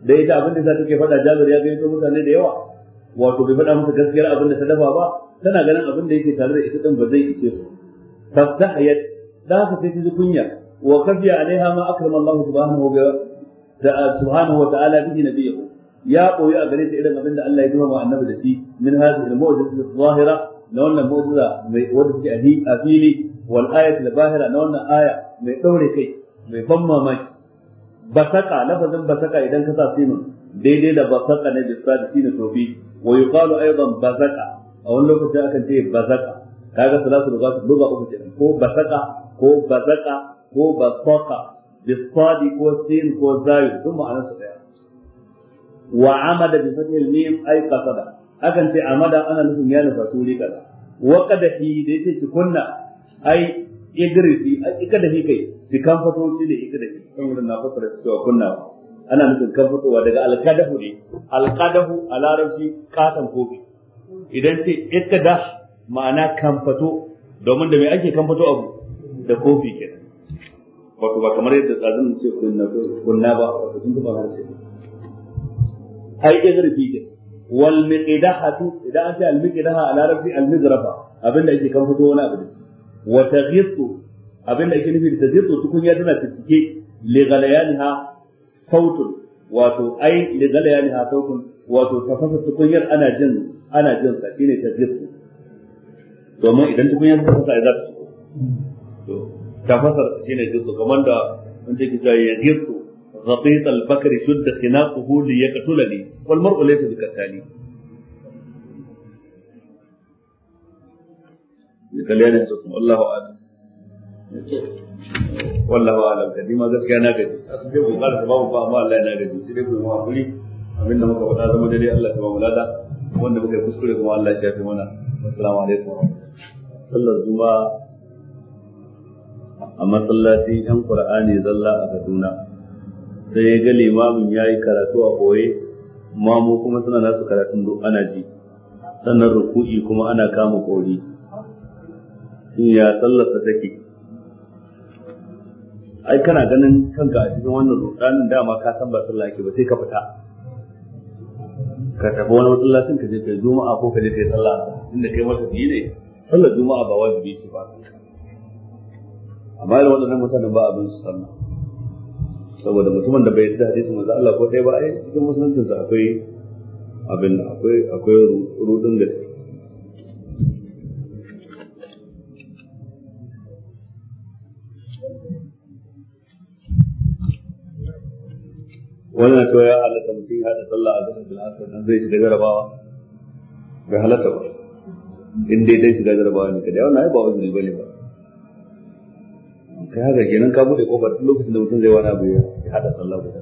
dai ita abin da za ta ke faɗa jabir ya to mutane da yawa wato bai faɗa musu gaskiyar abin da ta dafa ba tana ganin abin da yake tare da ita din ba zai ishe su fastahayat da haka sai ta ji kunya wa kafiya alaiha ma akrama Allah subhanahu wa subhanahu wa ta'ala bihi nabiyahu ya koyi a gare ta irin abin da Allah ya gama annabi da shi min hadhihi al-mu'jizati adh-dhahira na wannan mu'jiza mai wanda take a fili wal ayatu al-bahira na wannan aya mai daure kai mai ban mamaki basaka lafazin basaka idan ka sa sinu, daidai da basaka ne bisa da to tobi wa yuqalu aidan basaka a wani lokaci akan ce basaka kaga salatu da basu, duba uku kenan ko basaka ko basaka ko basaka bisadi ko sin ko zai duk ma'anar su daya wa amada bi fathil mim ay qasada akan ce amada ana nufin ya nufa turi kaza wa qadahi da yake ki kunna ai idrisi ai kadahi kai kan fato shi ne ita da kan wurin na fafara su cewa kunna ana nufin kan fitowa daga alkadahu ne alkadahu a larabci katon kofi idan ce ikada ma'ana kan fato domin da mai ake kan fato abu da kofi kenan wato ba kamar yadda tsazin ce kunna kunna ba wato sun kuma harshe ai izrafi ke wal miqdahatu idan an ce al miqdaha a larabci al mizrafa abinda ake kan fito wani abu da shi wa taghithu abin da ake nufi da tajirtu tukunya tana tattike li ha sautun wato ai li ha sautun wato tafasa tukunyar ana jin ana jin sa shine tajirtu domin idan tukunyar ta fasa ai za ta tuko to tafasar shine jirtu kamar da mun ce kija ya jirtu غطيط البكر شد خناقه ليقتلني والمرء ليس بكتالي قال يا الله أعلم wallahu alam da ma gaskiya na gaji asu dai kokarin sa babu ba amma Allah na gaji sai dai ku mu hakuri abin da muka faɗa zama dai Allah ya ba mu lada wanda muka kuskure kuma Allah ya shafe mana assalamu alaikum sallar juma'a a masallaci yan qur'ani zalla a Kaduna sai ya ga limamin yayi karatu a boye mamu kuma suna nasu karatun duk ana ji sannan ruku'i kuma ana kama kori shin ya sallarsa take ai kana ganin kanka a cikin wannan rudanin dama ka san ba sallah yake ba sai ka fita ka tafi wani sun ka je kai juma'a ko ka je kai sallah inda kai masa biyu ne sallar juma'a ba wajibi ce ba amma da waɗannan mutanen ba abin su sallah saboda mutumin da bai da hadisi manzo Allah ko dai ba ai cikin musulunci akwai abin akwai akwai rudin gaske cewa ya halatta mutum ya haɗa sallah a zanen bil'asar nan zai shiga jarabawa bai halatta ba in dai dai shiga jarabawa ne kada wannan ai ba wani bane ba kai haka kenan ka bude kofar duk lokacin da mutum zai wani abu ya haɗa sallah guda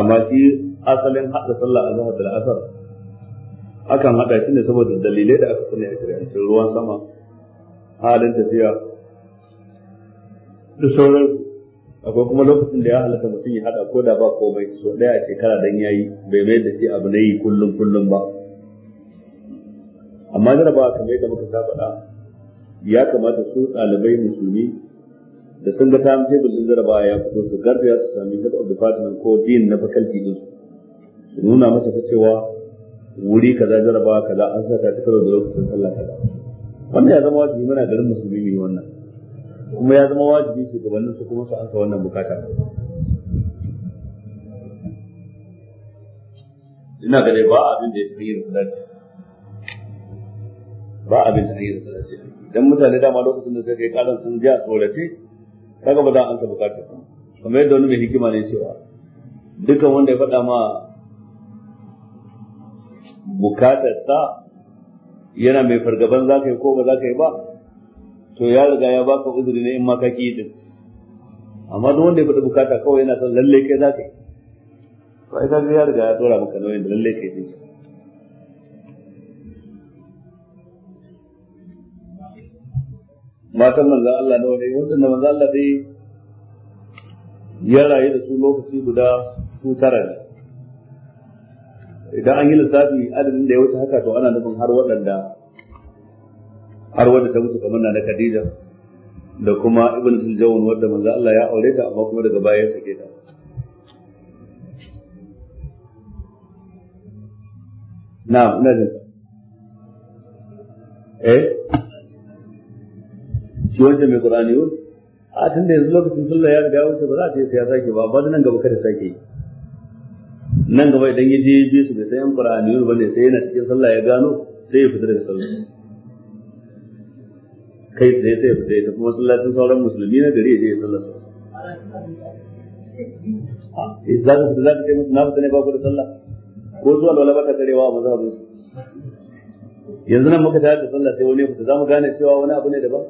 amma shi asalin haɗa sallah a zanen bil'asar akan haɗa shi ne saboda dalilai da aka sani a shari'ancin ruwan sama halin tafiya da sauransu akwai kuma lokacin da ya halatta mutum ya hada ko da ba komai so daya a shekara dan yi bai mai da shi abu na yi kullum kullum ba amma jarabawa kamar yadda muka saba da ya kamata su ɗalibai musulmi da sun ga time table din jarabawa ya fito su garzaya su sami head of department ko dean na faculty din su nuna masa ta cewa wuri kaza jarabawa kaza an saka shi karo da lokacin sallah kaza wannan ya zama wajibi muna garin musulmi ne wannan kuma ya zama wajibi shugabannin su kuma su ansa wannan bukata ina ga dai ba abin da ya fi yin sadaci ba abin da yin sadaci dan mutane dama lokacin da suka yi karan sun ji a tsorace kaga ba za a ansa bukata kamar yadda wani mai hikima ne cewa dukan wanda ya faɗa ma bukatarsa yana mai fargaban za ka yi ko ba za ka yi ba to ya riga ya baka uzuri ne in ma ka ki din amma duk wanda ya fada bukata kawai yana son lalle kai za ka yi to ai ka ya riga ya dora maka nauyin da lalle kai din matan manzan Allah nawa wani wajen da manzan Allah dai ya rayu da su lokaci guda su tara ne idan an yi lissafi adadin da ya wuce haka to ana nufin har waɗanda har wanda ta mutu kamar na Khadija da kuma Ibn Zuljawn wanda manzo Allah ya aure ta amma kuma daga baya ya sake ta na'am ina jin eh shi wanda mai Qur'ani yau a tun da yanzu lokacin sallah ya riga wuce ba za ta yi sai ya sake ba ba nan gaba kada sake nan gaba idan ya je bisu su bai san yan Qur'ani ba ne sai yana cikin sallah ya gano sai ya fita daga sallah kai tsaye sai fita ita kuma sallacin sauran musulmi na gari ya je ya sallar sa eh, za ka fita za ka ce musu na fita ne ba ku da sallah ko zuwa lola ba ka tsarewa a ku. yanzu nan muka tare da sallah sai wani fita za mu gane cewa wani abu ne daban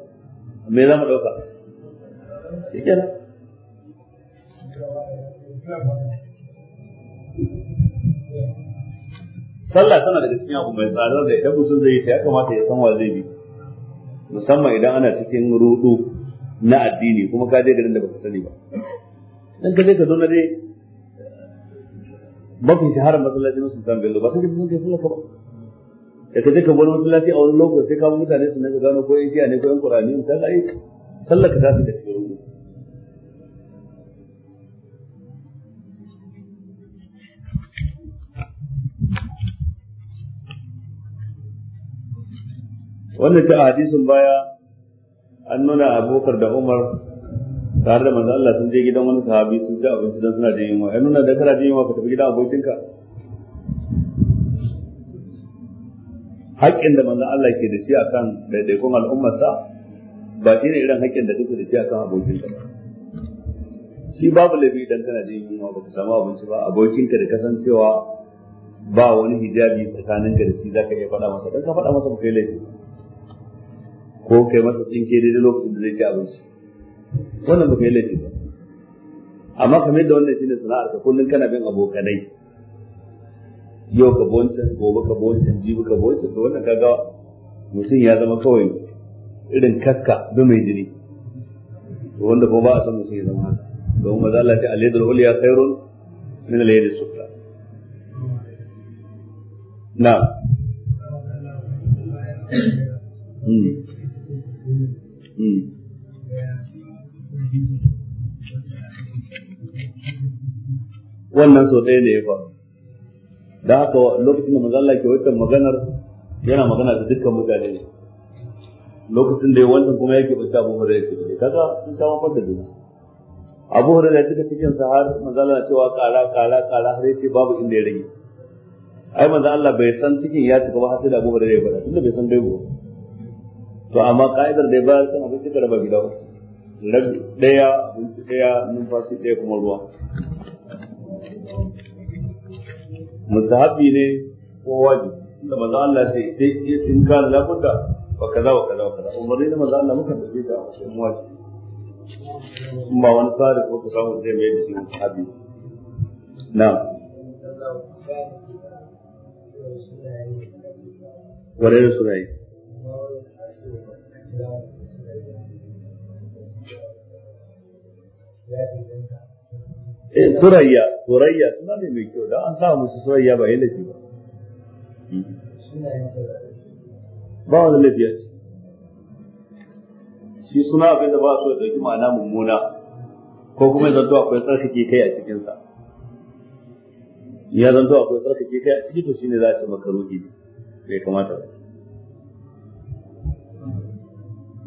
me za mu ɗauka shi sallah tana daga cikin abu mai tsadar da idan mutum zai yi ta ya kamata ya san wa zai bi musamman idan ana cikin rudu na addini kuma ka je garin da baka sani ba dan ka je ka na dai mafi shaharar masallacin sultan bello ba ka ka sun kai sallaka ba da ka je ka wani masallaci a wani lokaci sai ka mutane su ga ka gano ko yan ne ko yan qur'ani ka ga ai sallaka ta su da cikin wannan ce a hadisin baya an nuna abokar da umar tare da manzo Allah sun je gidan wani sahabi sun ci abinci don suna jin yunwa ya nuna da kana jin yunwa ka tafi gidan abokinka haƙƙin da manzo Allah ke da shi akan daidaikun al'ummarsa ba shi ne irin haƙƙin da kake da shi akan abokinka shi babu laifi idan kana jin yunwa baka samu abinci ba abokinka da kasancewa ba wani hijabi tsakaninka da shi zaka iya faɗa masa dan ka faɗa masa ba kai laifi ko kai masa tsinke daidai lokacin da zai ci abinci wannan ba kai laifi ba amma kamar da wannan shine sana'ar ka kullun kana bin abokanai yau ka bonce gobe ka bonce jibi ka bonce to wannan gawa. mutum ya zama kawai irin kaska da mai jini to wanda ko ba a san mutum ya zama haka don za Allah ta alayyadul ya khairun min alayyadul sufla Na. wannan so ɗaya ne ya faru da haka lokacin da manzo ke wancan maganar yana magana da dukkan mutane ne lokacin da ya wancan kuma yake bace Abu Hurairah shi ne kaga sun sha mafar da juna Abu Hurairah cika cikin sa har manzo Allah cewa kara kara kara har sai babu inda ya rage ai manzo Allah bai san cikin ya cika ba har sai da Abu Hurairah ya faɗa tunda bai san bai ba to amma ka'idar da ya bayar kan abinci da raba gida daya abinci daya numfashi daya kuma ruwa mutahabi ne ko wajibi inda manzo Allah sai sai in ka labuda wa kaza wa kaza wa kaza umarni da manzo Allah muka tafi da waje. wajibi ba wani tsari ko ka samu zai mai da shi mustahabi na'am wadai da suna yi eh surayya surayya suna ne mai kyau da an sa musu surayya ba yi laifi ba ba wani laifi ya ce shi suna abin da ba su da ɗauki ma'ana mummuna ko kuma ya zanto akwai tsarkake kai a cikinsa ya zanto akwai tsarkake kai a ciki to shine za a ce makaruhi bai kamata ba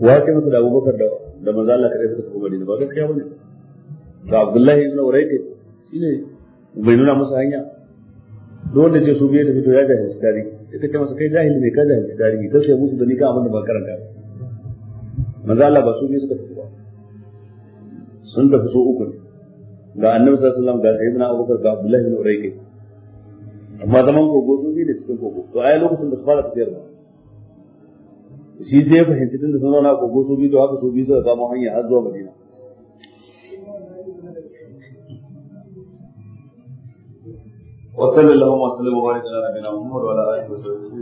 wace musu da abubakar da da manzo Allah kadai suka tafi Madina ba gaskiya bane ga Abdullahi ibn Urayka shine bai nuna masa hanya duk wanda ce su biye tafi to ya jahilci tarihi sai ka ce masa kai jahili ne ka jahilci tarihi kar sai musu da ni ka abin da ba karanta manzo Allah ba su biye suka tafi ba sun tafi so uku ne ga Annabi sallallahu alaihi wasallam ga Sayyidina Abubakar ga Abdullahi ibn Urayka amma zaman gogo su biye da cikin gogo to ai lokacin da su fara tafiyar ba shi sai ya fahimci tunda sun zauna kogo su biyu to haka su biyu suka kamo hanya har zuwa madina وصلى اللهم وسلم وبارك على نبينا محمد وعلى اله وصحبه